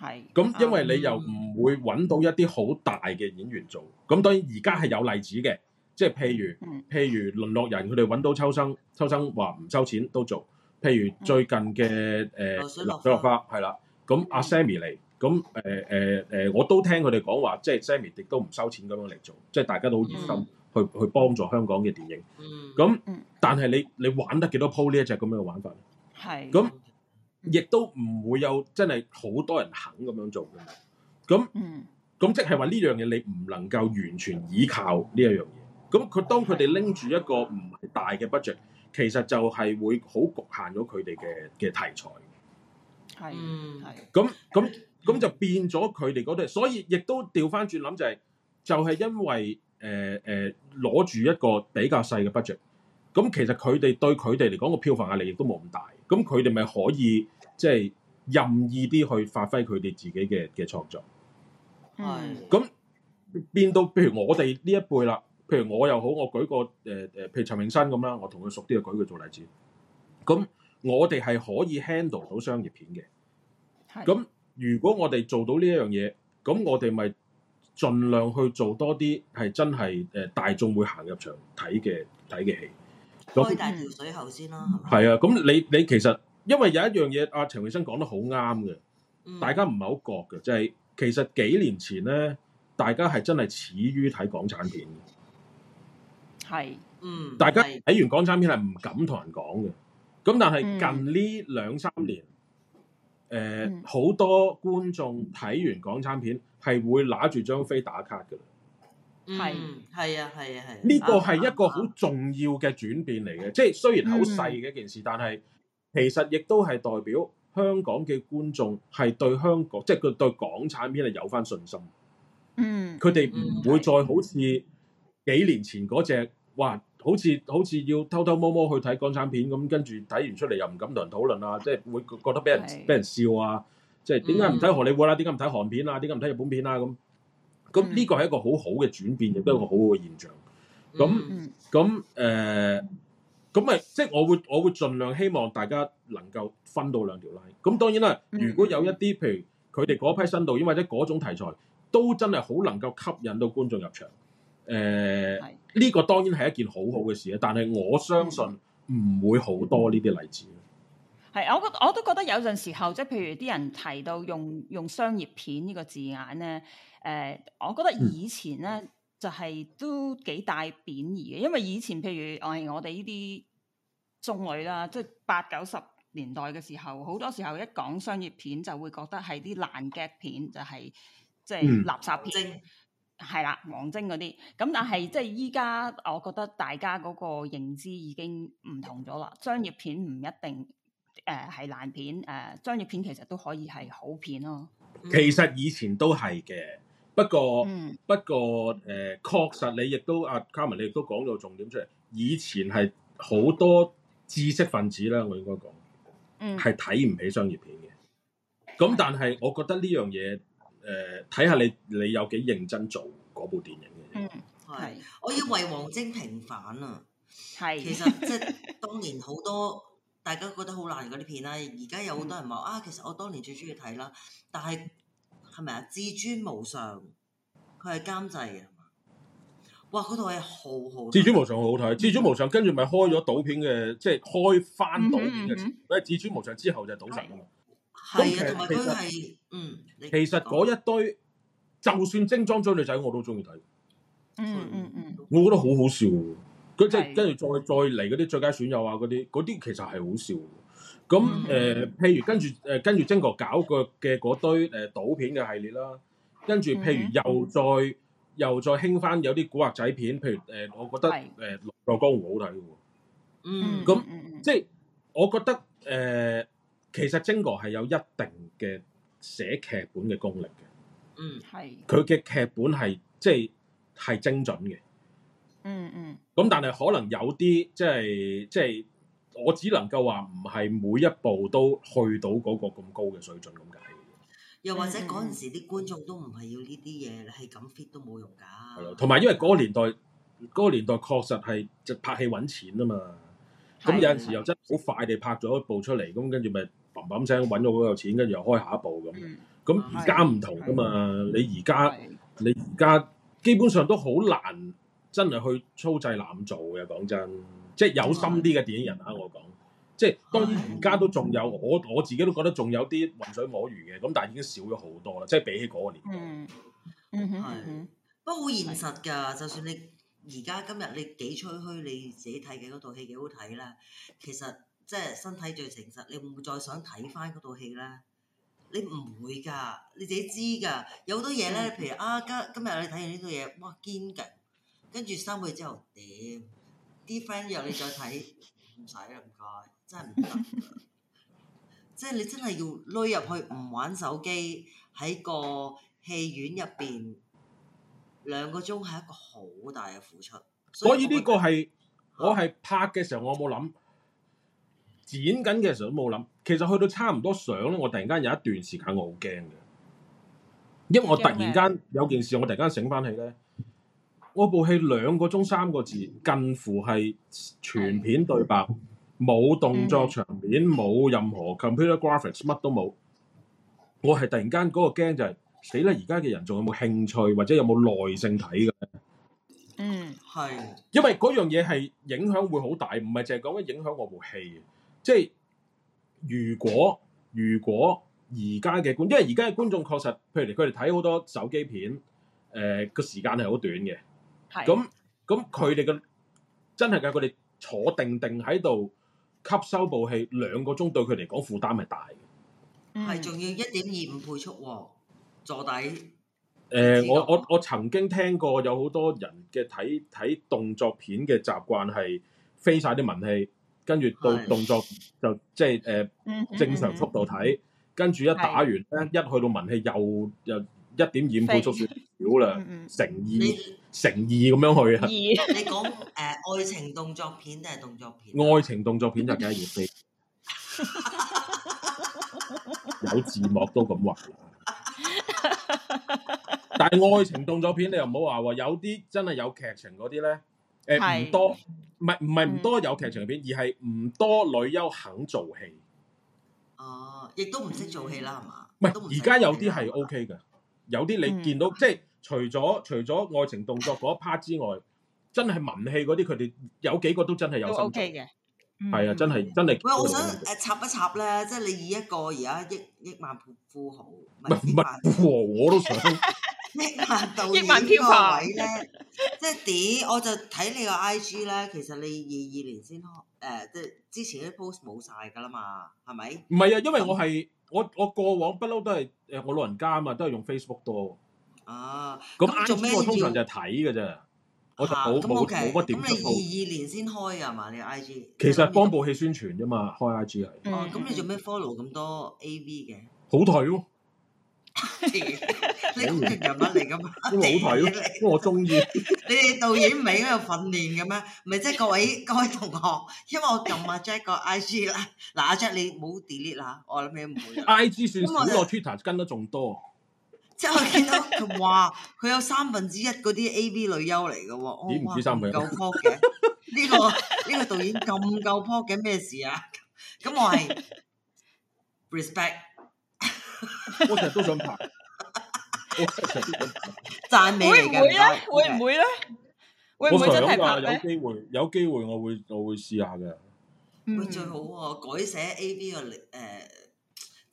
係。咁因為你又唔會揾到一啲好大嘅演員做。咁當然而家係有例子嘅，即係譬如譬如《淪落人》，佢哋揾到秋生，秋生話唔收錢都做。譬如最近嘅誒《流水落花》，係啦。咁阿 Sammy 嚟。啊咁誒誒誒，我都聽佢哋講話，即係 Sammy 亦都唔收錢咁樣嚟做，即係大家都好熱心去去幫助香港嘅電影。咁、嗯，嗯、但係你你玩得幾多鋪呢？一隻咁樣嘅玩法咧，係、嗯、咁，亦都唔會有真係好多人肯咁樣做嘅。咁、嗯，咁即係話呢樣嘢，嗯嗯這個、你唔能夠完全依靠呢一樣嘢。咁佢當佢哋拎住一個唔係大嘅 budget，其實就係會好局限咗佢哋嘅嘅題材。係、嗯，係。咁咁。嗯嗯嗯咁、嗯、就變咗佢哋嗰度，所以亦都調翻轉諗就係、是，就係、是、因為誒誒攞住一個比較細嘅 budget，咁其實佢哋對佢哋嚟講個票房壓力亦都冇咁大，咁佢哋咪可以即係、就是、任意啲去發揮佢哋自己嘅嘅創作。係、嗯。咁、嗯、變到譬如我哋呢一輩啦，譬如我又好，我舉個誒誒、呃，譬如陳詠燊咁啦，我同佢熟啲，我舉佢做例子。咁、嗯嗯、我哋係可以 handle 到商業片嘅。係的。咁。如果我哋做到呢一樣嘢，咁我哋咪盡量去做多啲係真係誒大眾會行入場睇嘅睇嘅戲，開大條水喉先咯，係啊，咁你你其實因為有一樣嘢，阿陳慧生講得好啱嘅，嗯、大家唔係好覺嘅，即係其實幾年前咧，大家係真係恥於睇港產片嘅，係，嗯，大家睇完港產片係唔敢同人講嘅，咁但係近呢兩三年。嗯誒好、呃、多觀眾睇完港產片係會拿住張飛打卡㗎啦，係係啊係啊係，呢個係一個好重要嘅轉變嚟嘅，即係雖然好細嘅一件事，但係其實亦都係代表香港嘅觀眾係對香港即係佢對港產片係有返信心，嗯，佢哋唔會再好似幾年前嗰隻哇。好似好似要偷偷摸摸去睇港產片咁，跟住睇完出嚟又唔敢同人討論啊！即係會覺得俾人俾的人笑啊！即係點解唔睇荷里活啦？點解唔睇韓片啊？點解唔睇日本片啊？咁咁呢個係一個好好嘅轉變，亦都係一個好好嘅現象。咁咁誒咁咪即係我會我會盡量希望大家能夠分到兩條 line 咁，當然啦，如果有一啲譬如佢哋嗰一批新導演，或者嗰種題材，都真係好能夠吸引到觀眾入場。誒、呃。呢個當然係一件好好嘅事咧，但係我相信唔會好多呢啲例子。係，我覺我都覺得有陣時候，即係譬如啲人提到用用商業片呢個字眼咧，誒、呃，我覺得以前咧、嗯、就係都幾大貶義嘅，因為以前譬如係我哋呢啲中女啦，即係八九十年代嘅時候，好多時候一講商業片就會覺得係啲爛劇片，就係即係垃圾片。係啦，王晶嗰啲咁，但係即係依家，我覺得大家嗰個認知已經唔同咗啦。商業片唔一定誒係爛片，誒、呃、商業片其實都可以係好片咯。其實以前都係嘅，不過、嗯、不過誒、呃，確實你亦都啊，卡文你亦都講咗重點出嚟。以前係好多知識分子啦，我應該講，係睇唔起商業片嘅。咁但係，我覺得呢樣嘢。誒，睇下、呃、你你有幾認真做嗰部電影嘅？係，我要為王晶平反啊！係的，其實即係、就是、當年好多大家覺得好爛嗰啲片啦，而家有好多人話、嗯、啊，其實我當年最中意睇啦。但係係咪啊？至尊無上，佢係監製嘅，哇！嗰套係好好。至尊無上好好睇，至尊無上跟住咪開咗賭片嘅，即、就、係、是、開翻賭片嘅。嗯哼嗯哼，至尊無上之後就係賭神。係係，嗯。其實嗰一堆，就算精裝追女仔，我都中意睇。嗯嗯嗯。我覺得好好笑。佢即係跟住再再嚟嗰啲最佳損友啊，嗰啲啲其實係好笑。咁誒，譬如跟住誒跟住晶哥搞過嘅嗰堆誒賭片嘅系列啦，跟住譬如又再又再興翻有啲古惑仔片，譬如誒，我覺得誒《落落江湖》好睇嘅。嗯。咁即係我覺得誒。其實精哥係有一定嘅寫劇本嘅功力嘅。嗯，係。佢嘅劇本係即係係精準嘅。嗯嗯。咁但係可能有啲即係即係，就是就是、我只能夠話唔係每一部都去到嗰個咁高嘅水準咁解。又或者嗰陣時啲觀眾都唔係要呢啲嘢，係咁 fit 都冇用㗎。係啊，同埋因為嗰個年代嗰、那個、年代確實係就拍戲揾錢啊嘛。咁的、嗯、有陣時又真係好快地拍咗一部出嚟，咁跟住咪。嘭聲揾咗好有錢，跟住又開下一步咁。咁而家唔同噶嘛？嗯、你而家、嗯、你而家基本上都好難真係去粗製濫造嘅。講真，即係有心啲嘅電影人啊，我講，即係當然而家都仲有，嗯、我我自己都覺得仲有啲渾水摸魚嘅。咁但係已經少咗好多啦，即係比起嗰個年代。係、嗯嗯嗯，不過好現實噶。就算你而家今日你幾吹噓你自己睇嘅嗰套戲幾戲好睇啦，其實。即係身體最誠實，你會唔會再想睇翻嗰套戲咧？你唔會㗎，你自己知㗎。有好多嘢咧，譬如啊，今今日你睇完呢套嘢，哇堅勁，跟住三個月之後，點啲 friend 約你再睇，唔使啦，唔該，真係唔得。 即係你真係要攞入去，唔玩手機，喺個戲院入邊兩個鐘係一個好大嘅付出。所以呢個係我係拍嘅時候，我冇諗。剪緊嘅時候都冇諗，其實去到差唔多上咧，我突然間有一段時間我好驚嘅，因為我突然間有件事，我突然間醒翻起咧，我部戲兩個鐘三個字，近乎係全片對白，冇動作場面，冇任何 computer graphics，乜都冇。我係突然間嗰個驚就係，死啦！而家嘅人仲有冇興趣或者有冇耐性睇嘅？嗯，係。因為嗰樣嘢係影響會好大，唔係淨係講緊影響我部戲。即係如果如果而家嘅觀，因為而家嘅觀眾確實，譬如佢哋睇好多手機片，誒、呃、個時間係好短嘅，咁咁佢哋嘅真係嘅佢哋坐定定喺度吸收部戲兩個鐘，對佢嚟講負擔係大嘅，係仲要一點二五倍速坐底。誒，我我我曾經聽過有好多人嘅睇睇動作片嘅習慣係飛晒啲文氣。跟住到動作就即係誒、呃、 正常速度睇，跟住一打完咧，是一去到文戲又又一點掩蓋縮小啦，誠 意誠意咁樣去啊！你講誒愛情動作片定係動作片？愛情動作片就梗係要飛，有字幕都咁話，但係愛情動作片你又唔好話，有啲真係有劇情嗰啲咧。誒，唔多，唔係唔係唔多有劇情片，而係唔多女優肯做戲。哦，亦都唔識做戲啦，係嘛？唔係，而家有啲係 OK 嘅，有啲你見到，即係除咗除咗愛情動作嗰一 part 之外，真係文戲嗰啲，佢哋有幾個都真係有心機嘅。係啊，真係真係。喂，我想誒插一插咧，即係你以一個而家億億萬富富豪，唔係唔係，我我都想。英文導演呢個位咧，即係點？我就睇你個 I G 咧。其實你二二年先開誒，即係之前啲 post 冇晒噶啦嘛，係咪？唔係啊，因為我係我我過往不嬲都係誒，我老人家啊嘛，都係用 Facebook 多。啊，咁做咩？我通常就係睇噶啫，我就冇冇乜點就好。咁你二二年先開啊係嘛？你 I G 其實係幫部戲宣傳啫嘛，開 I G 係。哦，咁你做咩 follow 咁多 A V 嘅？好睇喎！ 你咁型人物嚟噶嘛？台我中意。你哋導演唔係喺度訓練嘅咩？咪即係各位各位同學，因為我撳阿 Jack 個 I G 啦、啊。嗱，阿 Jack 你冇 delete 啦，我諗你唔會。I G 算比我 Twitter 跟得仲多。就即係我見到佢話，佢有三分之一嗰啲 A V 女優嚟嘅。點、哦、唔知三分之一？夠潑嘅呢個呢、這個導演咁夠潑嘅咩事啊？咁我係 respect。我成日都想拍呢，讚美嚟嘅，會唔會咧？會唔會咧？我成日話有機會，有機會我會我會試下嘅。會最好、啊、改寫 A V 嘅、呃、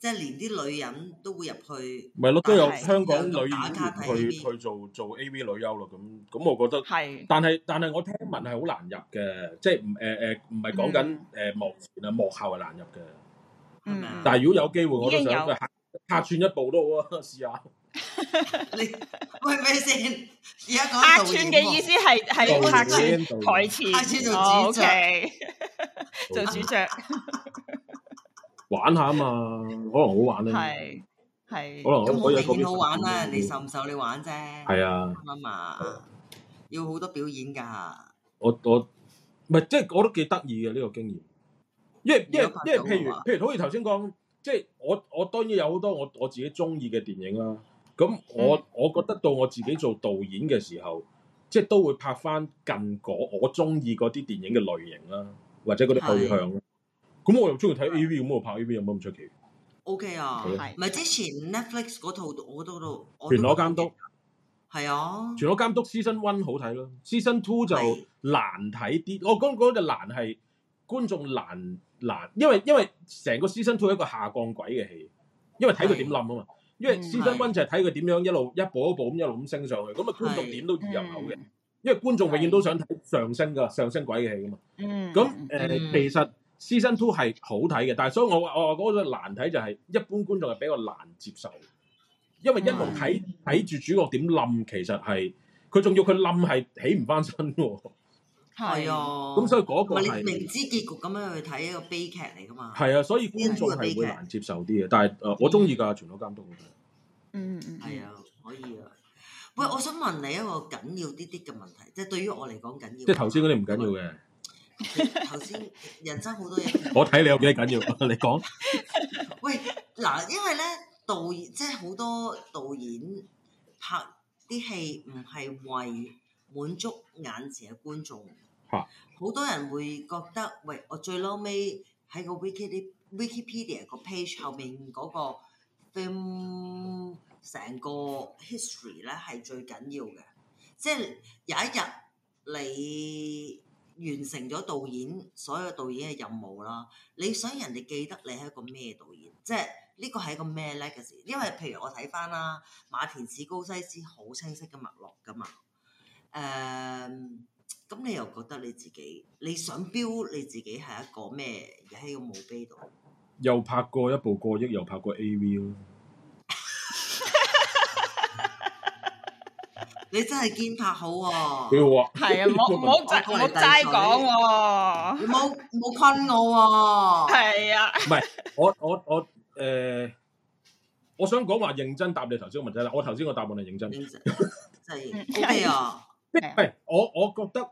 誒，即係連啲女人都會入去。咪咯是，都是有香港女演員去去做做 A V 女優咯。咁咁，我覺得係是。但係但係，我聽聞係好難入嘅，即係唔誒誒，唔係講緊誒幕前啊幕後係難入嘅，嗯嗯、但係如果有機會，我都想。客串一部都好啊！試下你喂咩先？而家講客串嘅意思係係客串台詞，台詞，做主持，做主席，玩下啊嘛，可能好玩啊。係係，可能可以。咁表演好玩啊，你受唔受你玩啫？係啊嘛，要好多表演㗎。我我唔係即係我都幾得意嘅呢個經驗，因為因為因為譬如譬如好似頭先講。即係我我當然有好多我我自己中意嘅電影啦、啊，咁我、嗯、我覺得到我自己做導演嘅時候，即係都會拍返近嗰我中意嗰啲電影嘅類型啦、啊，或者嗰啲對象。咁是我又中意睇 A V，咁我拍 A V 有冇咁出奇？O、okay、K 啊，唔係、啊、是之前 Netflix 嗰套，我覺都，都都全裸監督係啊，全裸監督 season one 好睇咯、啊、season two 就難睇啲。我講講就難係觀眾難。難，因為因為成個《屍身 two》係一個下降軌嘅戲，因為睇佢點冧啊嘛，對因為、嗯《屍身 one》就係睇佢點樣一路一步一步咁一,一路咁升上去，咁啊對觀眾點都易入口嘅，對因為觀眾永遠都想睇上升噶上升軌嘅戲噶嘛。咁誒、嗯，呃嗯、其實《屍身 two》係好睇嘅，但係所以我我講咗難睇就係一般觀眾係比較難接受，因為一路睇睇住主角點冧，其實係佢仲要佢冧係起唔翻身嘅。 係啊，咁所以嗰個你明知結局咁樣去睇一個悲劇嚟噶嘛？係啊，所以觀眾係會難接受啲嘅。但係誒，嗯、我中意㗎，全裸監督嗰啲。嗯嗯嗯，係啊，可以啊。喂，我想問你一個緊要啲啲嘅問題，即係對於我嚟講緊要。即係頭先嗰啲唔緊要嘅。頭先人生好多嘢。我睇你有幾多緊要？你講。喂，嗱，因為咧導演即係好多導演拍啲戲唔係為滿足眼前嘅觀眾。好多人會覺得，喂，我最嬲尾喺個 Wikipedia、Wikipedia 個 page 後面嗰個 film 成個 history 咧係最緊要嘅。即係有一日你完成咗導演所有導演嘅任務啦，你想人哋記得你係一個咩導演？即係呢個係一個咩 legacy？因為譬如我睇翻啦，馬田史高西斯好清晰嘅脈絡㗎嘛，誒、嗯。咁你又覺得你自己，你想標你自己係一個咩？又喺個墓碑度，又拍過一部過億，又拍過 AV 咯。你真係堅拍好喎！係啊，冇冇冇齋講喎，冇冇坤我喎。係啊，唔係我我我，誒，我想講話認真答你頭先個問題啦。我頭先個答案係認真，係係啊，係我我覺得。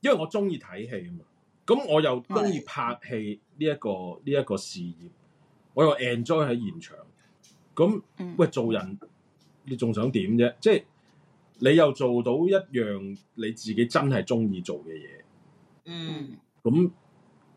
因為我中意睇戲啊嘛，咁我又中意拍戲呢一個呢一個事業，我又 enjoy 喺現場，咁喂做人你仲想點啫？即係你又做到一樣你自己真係中意做嘅嘢，嗯，咁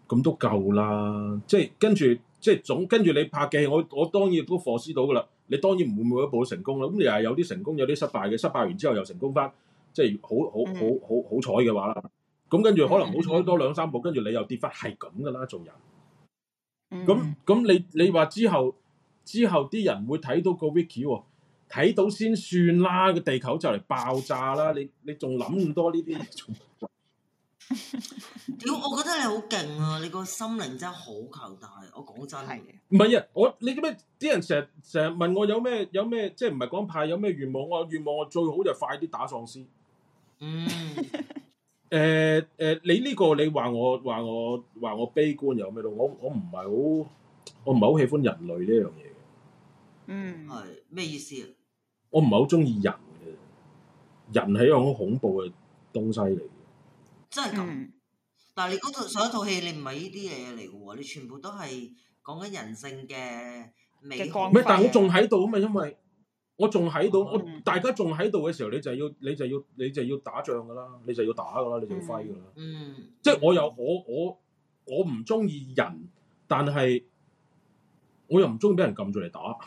咁都夠啦。即係跟住即係總跟住你拍嘅戲，我我當然都獲施到噶啦。你當然唔會每一步成功啦。咁你又有啲成功，有啲失敗嘅。失敗完之後又成功翻，即係好好好好好彩嘅話。咁跟住可能好彩多兩三步，跟住你又跌翻，係咁噶啦，做人。咁咁、嗯、你你話之後之後啲人會睇到個 Vicky 喎，睇到先算啦，個地球就嚟爆炸啦！你你仲諗咁多呢啲？屌， 我覺得你好勁啊！你個心靈真係好強大，我講真。係。唔係啊！我你點解啲人成日成日問我有咩有咩即係唔係講派有咩願望？我願望，我願望我最好就快啲打喪屍。嗯。 誒誒、uh, uh, 這個，你呢個你話我話我話我悲觀有咩咯？我我唔係好，我唔係好喜歡人類呢樣嘢。嗯，係咩意思啊？我唔係好中意人嘅，人係一種好恐怖嘅東西嚟嘅。真係咁？但係你套上一套戲，你唔係呢啲嘢嚟嘅喎，你全部都係講緊人性嘅美好。但係我仲喺度啊嘛，因為。我仲喺度，我大家仲喺度嘅時候，你就要你就要你就要,你就要打仗噶啦，你就要打噶啦，你就要揮噶啦嗯。嗯，即係我又我我我唔中意人，但係我又唔中意俾人撳住嚟打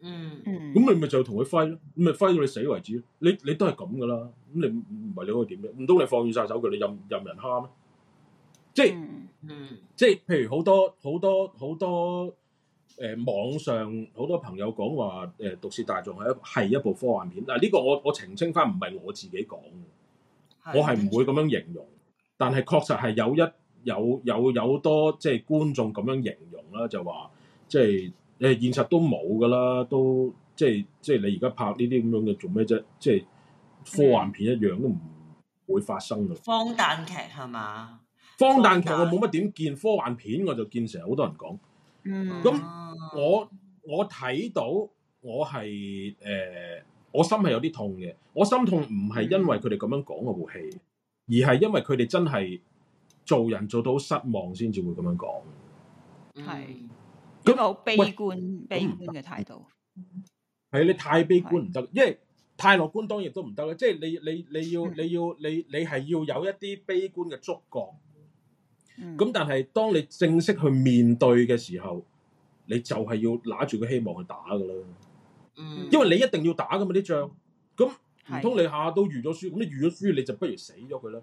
嗯。嗯，咁咪咪就同佢揮咯，咪揮到你死為止咯。你你都係咁噶啦，咁你唔唔係你可以點咩？唔通你放軟晒手腳，你任任人蝦咩？即係，嗯嗯、即係，譬如好多好多好多。誒、呃，網上好多朋友講話，誒、呃，毒舌大狀係一係一部科幻片。嗱、呃、呢、這個我我澄清翻，唔係我自己講，是我係唔會咁樣形容。但係確實係有一有有有，有多即係觀眾咁樣形容啦，就話即係誒，現實都冇噶啦，都即係即係你而家拍呢啲咁樣嘅做咩啫？即係科幻片一樣都唔會發生嘅。荒誕劇係嘛？荒誕劇我冇乜點見，科幻片我就見成日好多人講。咁、嗯、我我睇到我係誒、呃，我心係有啲痛嘅。我心痛唔係因為佢哋咁樣講嗰部戲，嗯、而係因為佢哋真係做人做到失望先至會咁樣講。係、嗯，咁好那悲觀喂悲觀嘅態度。係，你太悲觀唔得，的因為太樂觀當然亦都唔得啦。即係你你你要你要你要你係要有一啲悲觀嘅觸覺。咁、嗯、但係當你正式去面對嘅時候，你就係要拿住個希望去打噶啦。嗯，因為你一定要打噶嘛啲仗，咁唔通你下下都預咗輸？咁你預咗輸你就不如死咗佢啦。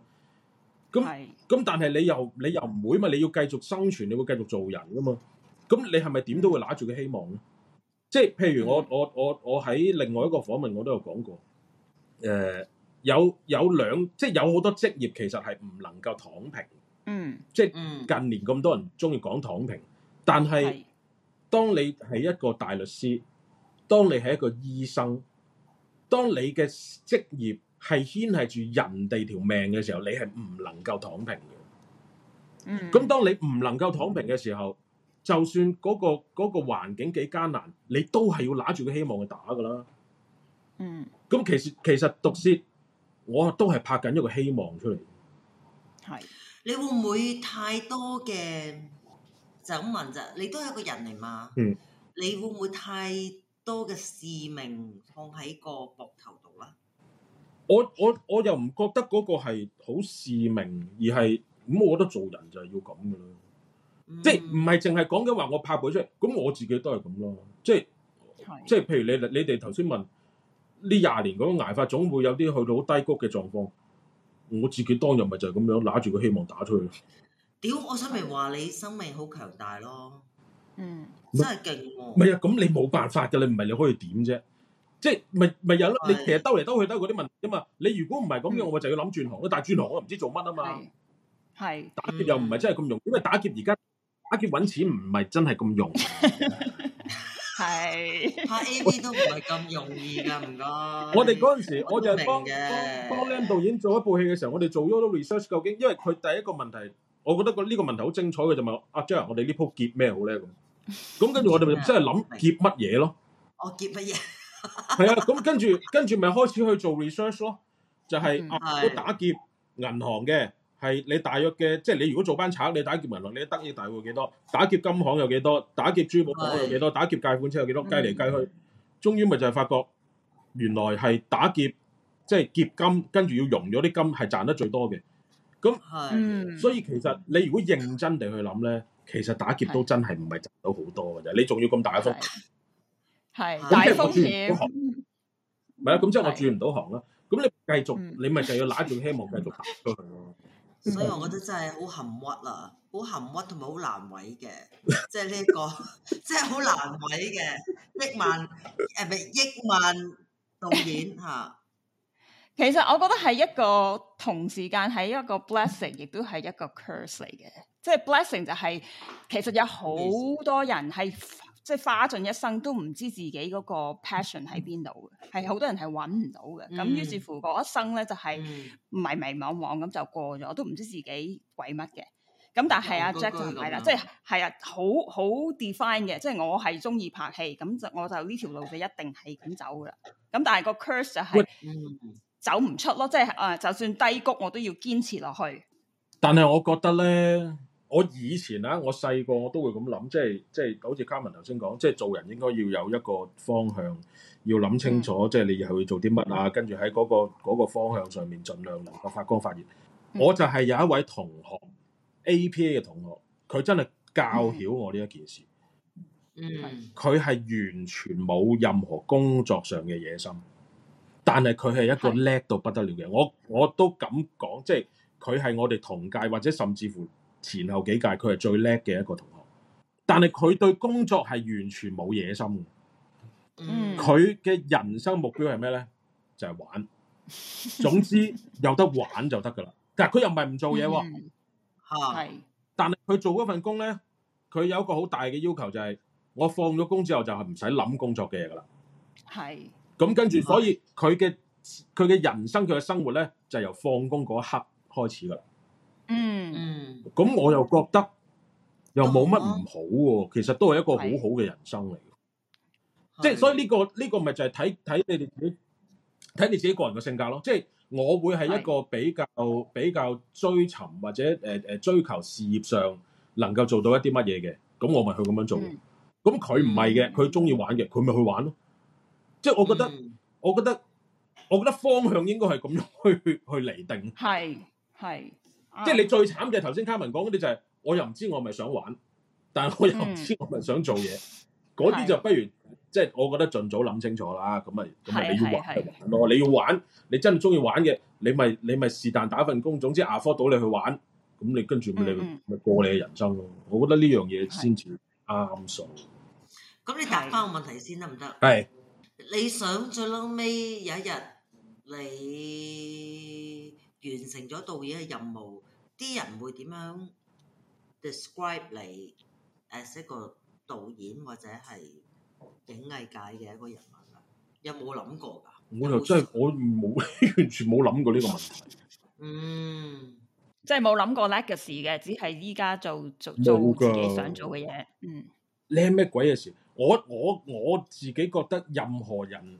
咁咁是但係你又你又唔會嘛？你要繼續生存，你會繼續做人噶嘛？咁你係咪點都會拿住個希望咧？即係譬如我、嗯、我我我喺另外一個訪問我都有講過，誒、呃、有有兩即係有好多職業其實係唔能夠躺平。嗯，即係近年咁多人中意講躺平，但係當你係一個大律師，當你係一個醫生，當你嘅職業係牽係住人哋條命嘅時候，你係唔能夠躺平嘅。嗯，咁當你唔能夠躺平嘅時候，嗯、就算嗰、那個嗰、嗯、個環境幾艱難，你都係要揦住個希望去打噶啦。嗯，咁其實其實毒舌，我都係拍緊一個希望出嚟。係、嗯。你會唔會太多嘅就咁問啫？你都係一個人嚟嘛？嗯，你會唔會太多嘅使命放喺個膊頭度咧？我我我又唔覺得嗰個係好使命，而係咁、嗯，我覺得做人就係要咁噶啦。嗯、即係唔係淨係講緊話我拍佢出嚟，咁我自己都係咁咯。即係是即係，譬如你你哋頭先問呢廿年咁嘅捱法，總會有啲去到好低谷嘅狀況。我自己當日咪就係咁樣揦住個希望打出去。屌，我想咪話你生命好強大咯，嗯，真係勁喎。唔係啊，咁、啊、你冇辦法㗎，你唔係你可以點啫？即係咪咪有咯？啊、是你其實兜嚟兜去兜嗰啲問題嘛。你如果唔係咁嘅，嗯、我就要諗轉行咯。但係轉行我又唔知做乜啊嘛。係打劫又唔係真係咁容易，因為打劫而家打劫揾錢唔係真係咁容易。 係拍 A V 都唔係咁容易噶，唔該。我哋嗰陣時，我就係幫幫幫林導演做一部戲嘅時候，我哋做咗好多 research。究竟因為佢第一個問題，我覺得個呢個問題好精彩嘅，就問阿 John，我哋呢鋪劫咩好咧？咁咁跟住我哋咪真係諗劫乜嘢咯？我劫乜嘢？係啊，咁跟住跟住咪開始去做 research 咯，就係去打劫銀行嘅。係你大約嘅，即係你如果做班賊，你打劫銀行，你得益大概幾多？打劫金行有幾多？打劫珠寶行有幾多？是打劫解款車有幾多？計嚟計去，終於咪就係發覺原來係打劫，即係劫金，跟住要融咗啲金係賺得最多嘅。咁，是所以其實你如果認真地去諗咧，其實打劫都真係唔係賺到好多嘅啫。是你仲要咁大嘅風險，係大風險？咪啊是！咁即係我轉唔到行啦。咁你繼續、嗯、 續，你咪就要揦住希望繼續打出去咯。Mm hmm. 所以我覺得真係好含屈啊，好含屈同埋好難為嘅，即係呢個，即係好難為嘅億萬誒，唔係億萬導演吓。 其實我覺得係一個同時間係一個 blessing，亦都係一個 curse 嚟嘅。即係 blessing 就係、是就是、其實有好多人係。即係花盡一生都唔知自己嗰個 passion 喺邊度嘅，係好多人係揾唔到嘅。咁於是乎嗰一生咧就係、是、迷迷惘惘咁就過咗，都唔知自己鬼乜嘅。咁但係阿そ radio, Jack 就係啦，就是啊，即係係啊好好 define 嘅，即係我係中意拍戲，咁就我就呢條路就一定係咁走噶啦。咁但係個 curse 就係走唔出咯，即係啊，就算低谷我都要堅持落去。但係我覺得咧。我以前啊，我細個我都會咁諗，即係即係好似嘉文頭先講，即係做人應該要有一個方向，要諗清楚，嗯、即係你以後會做啲乜啊。嗯、跟住喺嗰個方向上面，盡量能夠發光發熱。嗯、我就係有一位同學 APA 嘅同學，佢真係教曉我呢一件事。佢係、嗯嗯、完全冇任何工作上嘅野心，但係佢係一個叻到不得了嘅我，我都敢講，即係佢係我哋同屆或者甚至乎。前後幾屆，佢係最叻嘅一個同學，但係佢對工作係完全冇野心嘅。嗯，佢嘅人生目標係咩咧？就係、是、玩。總之有得玩就得噶啦。但係佢又唔係唔做嘢喎、哦。嗯、但係佢做嗰份工咧，佢有一個好大嘅要求、就是，就係我放咗工之後就係唔使諗工作嘅嘢噶啦。係是。咁跟住，所以佢嘅佢嘅人生，佢嘅生活咧，就是、由放工嗰一刻開始噶啦。嗯，咁我又覺得又冇乜唔好喎，其實都係一個好好嘅人生嚟，即係所以呢個呢個咪就係睇睇你哋自己，睇你自己個人嘅性格咯。即係我會係一個比較比較追尋或者誒誒追求事業上能夠做到一啲乜嘢嘅，咁我咪去咁樣做。咁佢唔係嘅，佢鍾意玩嘅，佢咪去玩咯。即係我覺得，我覺得，我覺得方向應該係咁樣去去釐定，係係。即係你最慘嘅，頭先卡文講嗰啲就係、是，我又唔知我係咪想玩，但係我又唔知我係咪想做嘢，嗰啲、嗯、就不如，的即係我覺得盡早諗清楚啦，咁咪咁咪你要玩咯，你要玩，你真係中意玩嘅，你咪你咪是但打份工，總之阿科到你去玩，咁你跟住咪你咪過你嘅人生咯，我覺得呢樣嘢先至啱數。咁、嗯、好你答翻個問題先得唔得？係你想最屘尾有一日你。完成咗導演嘅任務，啲人會點樣 describe 你？as 一個導演或者係影藝界嘅一個人物，有冇諗過㗎？我又真係我冇完全冇諗過呢個問題。嗯，即係冇諗過呢件事嘅，只係依家做做做自己想做嘅嘢。嗯，你係咩鬼嘅事？我我我自己覺得任何人。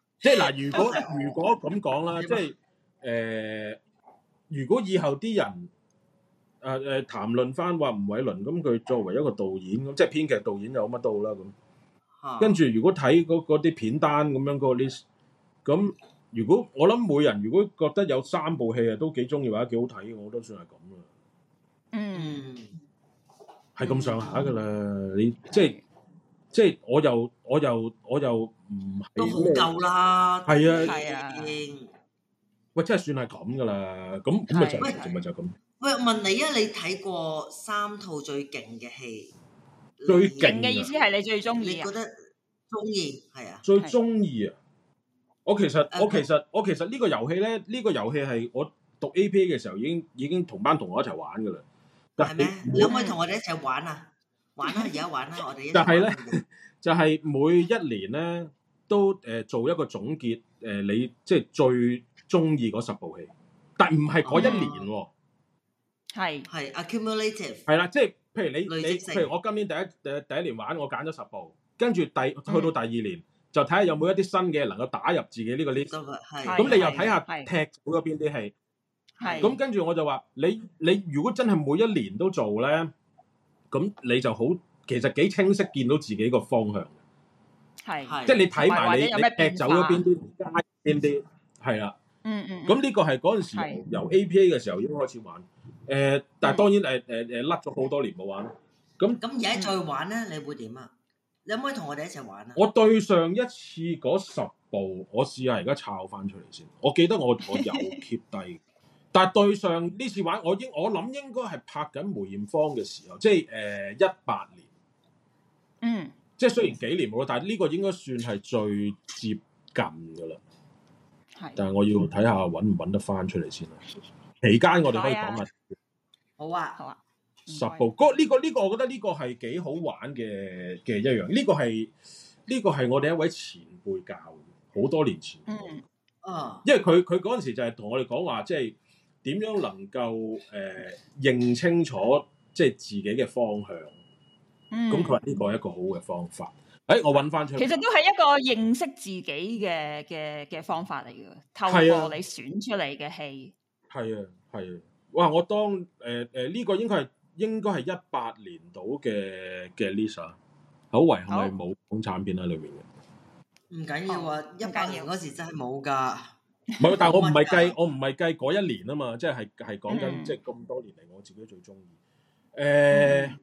即係嗱，如果如果咁講啦，即係誒、呃，如果以後啲人誒誒談論翻話吳煒倫，咁佢作為一個導演咁，即係編劇導演就乜都好啦咁。啊、跟住如果睇嗰啲片單咁樣嗰啲，咁如果我諗每人如果覺得有三部戲啊都幾中意或者幾好睇，我都算係咁啦。嗯，係咁上下噶啦，嗯、你即係。即係我又我又我又唔係都好夠啦，係啊，喂，真係算係咁噶啦，咁咁咪就係，就咪就係咁。喂，問你啊，你睇過三套最勁嘅戲？最勁嘅意思係你最中意，你覺得中意係啊，最中意啊！我其實我其實我其實呢個遊戲咧，呢個遊戲係我讀 APA 嘅時候已經已經同班同學一齊玩噶啦。但係咩？你可唔可以同我哋一齊玩啊？玩啦，而家玩啦，我哋但係就咧，就係每一年咧都誒做一個總結，誒你即係最中意嗰十部戲，但唔係嗰一年喎。係係 accumulative。係啦，即係譬如你你譬如我今年第一第一年玩，我揀咗十部，跟住第去到第二年就睇下有冇一啲新嘅能夠打入自己呢個 list。咁你又睇下踢咗邊啲戲。係。咁跟住我就話你你如果真係每一年都做咧。咁你就好，其實幾清晰見到自己個方向，係是，即係你睇埋你你踢走咗邊啲，加邊啲，係啦，嗯嗯，咁呢個係嗰陣時由 A P A 嘅時候已經的開始玩，誒、呃，但係當然誒誒誒甩咗好多年冇玩啦，咁咁而家再玩咧，你會點啊？你可唔可以同我哋一齊玩啊？我對上一次嗰十步，我試下而家抄翻出嚟先，我記得我我有 keep 低。 但係對上呢次玩，我應我諗應該係拍緊梅艷芳嘅時候，即係誒一八年，嗯，即係雖然幾年冇，但係呢個應該算係最接近噶啦。係，但係我要睇下搵唔搵得翻出嚟，先啦。期間我哋可以講下。啊，好啊，好啊。十步，嗰呢個呢個，我覺得呢個係幾好玩嘅、嘅一樣。呢個係呢個係我哋一位前輩教嘅，好多年前。嗯。啊、哦。因為佢佢嗰陣時就係同我哋講話，即係。點樣能夠誒認清楚即係自己嘅方向？嗯，咁佢話呢個係一個好嘅方法。誒，我揾翻出嚟，其實都係一個認識自己嘅嘅嘅方法嚟嘅。透過你選出嚟嘅戲，係啊係啊。哇！我當誒誒呢個應該係應該係一八年度嘅嘅 Lisa，好遺憾係冇港產片喺裏面嘅。唔緊要啊！一八年嗰時真係冇㗎。唔係， 但係我唔係計，我唔係計嗰一年啊嘛，即係係係講緊即係咁多年嚟，我自己最中意。誒、呃、誒、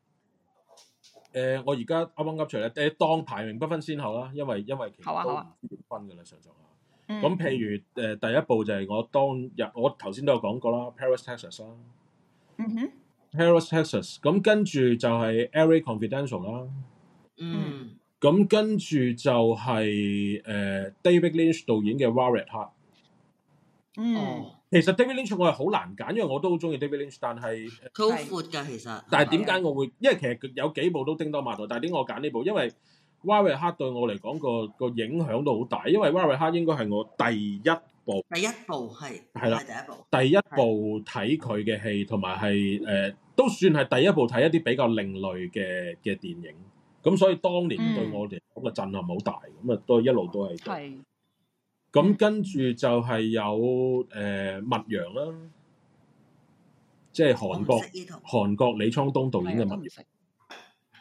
嗯呃，我而家啱啱噏出嚟誒，當排名不分先後啦，因為因為其實都唔知點分㗎啦，上上下。咁、啊啊、譬如誒、呃，第一步就係我當日我頭先都有講過啦，Paris Texas 啦。Paris Texas，咁跟住就係 L.A. Confidential 啦。嗯。咁跟住就係、是、誒、呃、David Lynch 導演嘅 Wild at Heart 哦，嗯、其實 David Lynch 我係好難揀，因為我都好中意 David Lynch 但係佢好闊㗎其實。但係點解我會？的因為其實有幾部都叮噹馬頭，但係點解我揀呢部？因為《瓦瑞克》對我嚟講個個影響都好大，因為《瓦瑞克》應該係我第一部。第一部係係啦，的第一部的第一部睇佢嘅戲，同埋係誒都算係第一部睇一啲比較另類嘅嘅電影。咁所以當年對我嚟講嘅震撼好大，咁啊、嗯、都一路都係係。咁跟住就係有誒《密、呃、陽》啦，即係韓國韓國李滄東導演嘅《密陽》。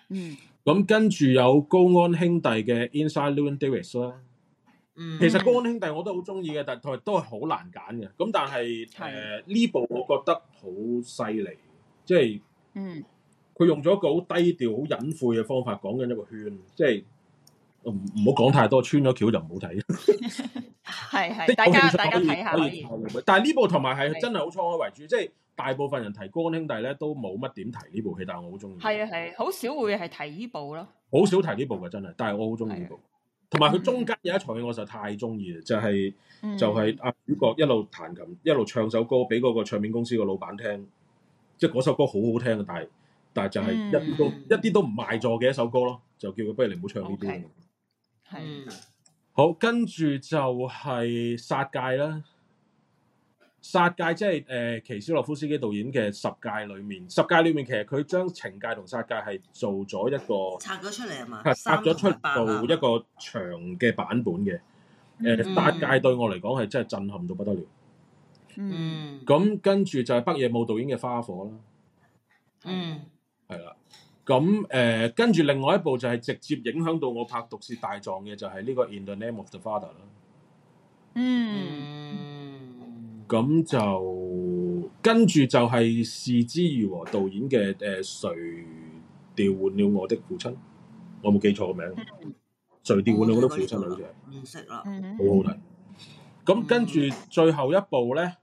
嗯。咁跟住有高安兄弟嘅《Inside Llewyn Davis》啦。嗯。其實高安兄弟我都好中意嘅，但係都係好難揀嘅。咁但係誒呢部我覺得好犀利，即係，佢、嗯、用咗一個好低調、好隱晦嘅方法講緊一個圈，即係唔唔好講太多，穿咗橋就唔好睇。 係係，大家大家睇下。但係呢部同埋係真係好倉海為主，即係大部分人提《哥恩兄弟》，咧都冇乜點提呢部戲，但係我好中意。係啊係，好少會係提呢部咯。好少提呢部嘅真係。但係我好中意呢部，同埋佢中間有一場戲，我就太中意啦，就係就係阿主角一路彈琴，一路唱首歌俾嗰個唱片公司個老闆聽，即係嗰首歌好好聽嘅。但係但係就係一啲都一啲都唔賣座嘅，一首歌咯，就叫佢不如你唔好唱呢啲。係。好，跟住就係殺戒啦，殺戒即係誒奇斯洛夫斯基導演嘅十戒裏面，十戒裏面其實佢將情戒同殺戒係做咗一個拆咗出嚟係嘛？拆咗出嚟做一個長嘅版本嘅，誒、呃、殺、嗯、戒對我嚟講係真係震撼到不得了。嗯。咁跟住就係北野武導演嘅花火啦。嗯。係啦。咁誒，跟住、呃、另外一部就係直接影響到我拍《毒舌大狀》嘅，就係、是、呢個《In the Name of the Father》啦。嗯。咁就跟住就係是枝裕和導演嘅誒、呃，誰調換了我的父親？我冇記錯個名， 誰調換了我的父親？嗯、好似係。唔識啦。好好睇。咁跟住最後一部咧，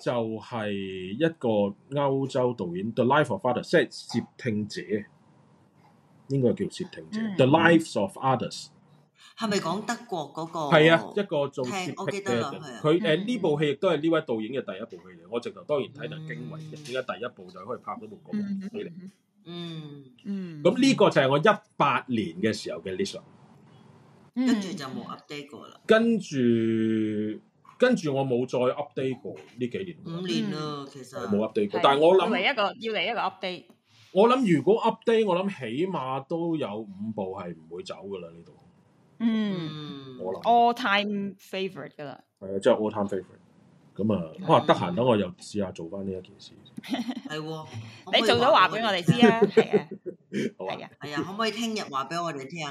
就係、是、一個歐洲導演《The Life of Father》，即係接聽者。應該叫《竊聽者》，The Lives of Others，係咪講德國嗰個？係啊，一個做。係，我記得啦，係啊。佢誒呢部戲亦都係呢位導演嘅第一部戲嚟，我直頭當然睇得驚為嘅。點解第一部就可以拍到部咁犀利？嗯嗯。咁呢個就係我一八年嘅時候嘅 list，跟住就冇 update 過啦。跟住跟住我冇再 update 過呢幾年。五年啦，其實冇 update 過，但係我諗嚟一個要嚟一個 update。我諗如果 update，我諗起碼都有五部係唔會走噶啦呢度。嗯，我諗 all time favorite 噶啦。係啊，即係 all time favorite。咁啊，我話得閒，等我又試下做翻呢一件事。係，你做咗話俾我哋知啊。係啊，係啊，可唔可以聽日話俾我哋聽？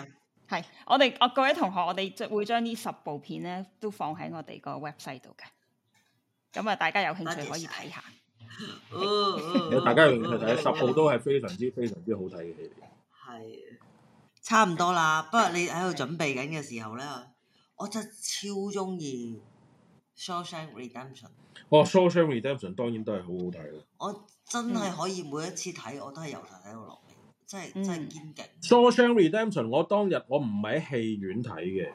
係，我哋啊各位同學，我哋會將呢十部片咧都放喺我哋個 website 度嘅。咁啊，大家有興趣可以睇下。大家，去睇十部都係非常之非常之好睇嘅戲。係差唔多啦，不過你喺度準備緊嘅時候咧，我真係超中意 Shawshank Redemption。Sh sh Red 哦，Shawshank Redemption 當然都係好好睇嘅。我真係可以每一次睇，我都係由頭睇到落尾，真係、嗯、真係堅勁。Shawshank Redemption，我當日我唔係喺戲院睇嘅，誒、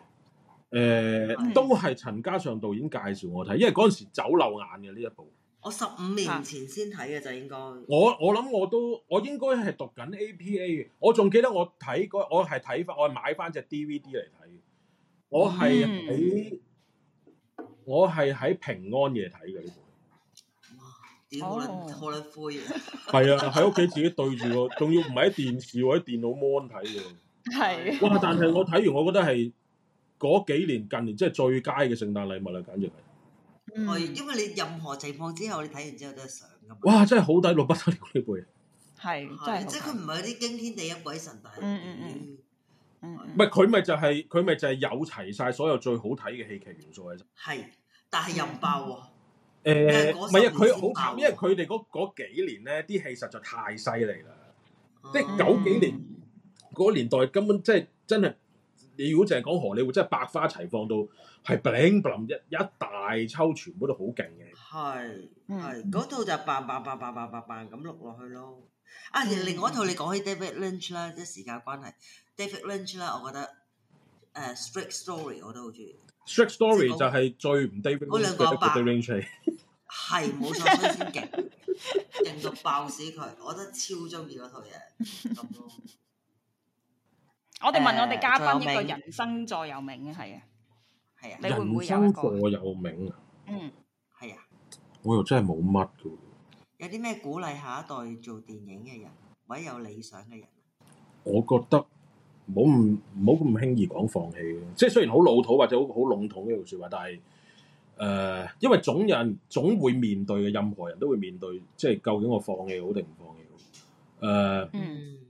呃，的都係陳嘉上導演介紹我睇，因為嗰陣時走漏眼嘅呢一部。我十五年前先睇嘅就應該，我我諗我都我應該係讀緊 APA 嘅，我仲記得我睇嗰我係睇翻我係買翻隻 DVD 嚟睇我係喺、嗯、我係喺平安夜睇嘅呢部，點、這、啊、個哦、好撚灰，係 啊喺屋企自己對住個，仲要唔係喺電視或者電腦 mon 睇嘅，係的，哇！但係我睇完我覺得係嗰幾年近年即係最佳嘅聖誕禮物啦，簡直係。嗯，因為你任何情況之後，你睇完之後都係想咁。哇！真係好抵落筆，收你背。係、嗯，真係即係佢唔係啲驚天地嘅鬼神，但係唔係佢咪就係佢咪就係有齊晒所有最好睇嘅戲劇元素係。係，但係又唔爆喎。誒，唔係啊！佢好慘，因為佢哋嗰幾年咧，啲戲實在太犀利啦！嗯、即係九幾年嗰、那個、年代根本即係真係。真你如果淨係講荷李活，真係百花齊放到係 b o 一一大抽，全部都好勁嘅。係係嗰套就白白白白白咁碌落去咯。啊，另另外一套你講起 David Lynch 啦，即係時間關係，David Lynch 啦，我覺得誒 Straight Story 我都好中意。Straight Story 就係最唔 David Lynch 嗰兩個白。David Lynch 係冇錯，先勁到爆死佢，我覺得超中意嗰套嘢咁咯。我哋問我哋嘉賓呢個人生座右銘係啊，係啊，你會唔會有一個？人生座右銘啊？嗯，係啊，我又真係冇乜嘅。有啲咩鼓勵下一代做電影嘅人，或者有理想嘅人？我覺得冇，唔唔好咁輕易講放棄咯，即係雖然好老土或者好好籠統呢句說話，但係誒，因為總人總會面對嘅，任何人都會面對，即係究竟我放棄好定唔放棄好？誒，嗯。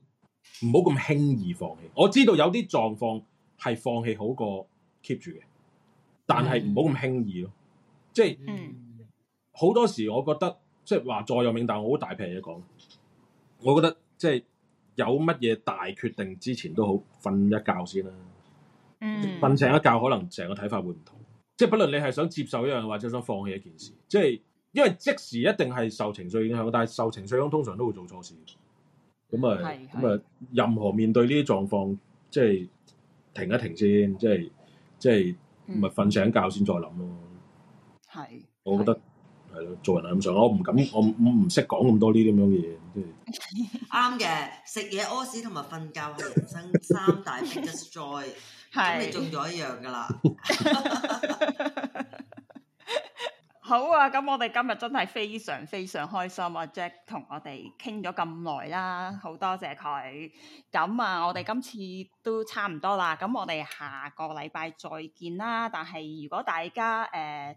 唔好咁輕易放棄。我知道有啲狀況係放棄好過 keep 住嘅，但係唔好咁輕易咯。即係好、嗯、多時，我覺得即係話座右銘，但係我好大脾氣講，我覺得即係有乜嘢大決定之前都好，瞓一覺先啦。瞓醒、嗯、一覺，可能成個睇法會唔同。即係不論你係想接受一樣，或者想放棄一件事，即係因為即時一定係受情緒影響，但係受情緒影響通常都會做錯事。咁啊，咁啊，任何面對呢啲狀況，即係停一停先，即係即係咪瞓醒覺先再諗咯。係，我覺得係咯，做人係咁上，我唔敢，我唔唔識講咁多呢啲咁樣嘅嘢。即係啱嘅，食嘢、屙屎同埋瞓覺係人生三大 biggest joy。係，咁你中咗一樣㗎啦。好啊，咁我哋今日真係非常非常開心啊，Jack 同我哋傾咗咁耐啦，好多謝佢。咁啊，我哋今次都差唔多啦，咁我哋下個禮拜再見啦。但係如果大家誒，呃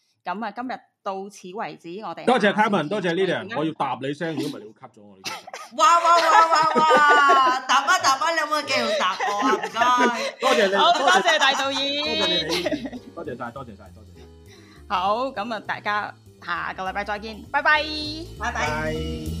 咁啊，今日到此為止，我哋多謝 Kevin，多謝 Lily，我要答你聲，如果唔係你會 cut 咗我呢？哇哇哇哇哇，答啊答啊，你冇叫答我啊？唔該，多謝你，好多謝大導演，多謝晒，多謝晒，多謝晒。好，咁啊，大家下個禮拜再見，拜拜，拜拜。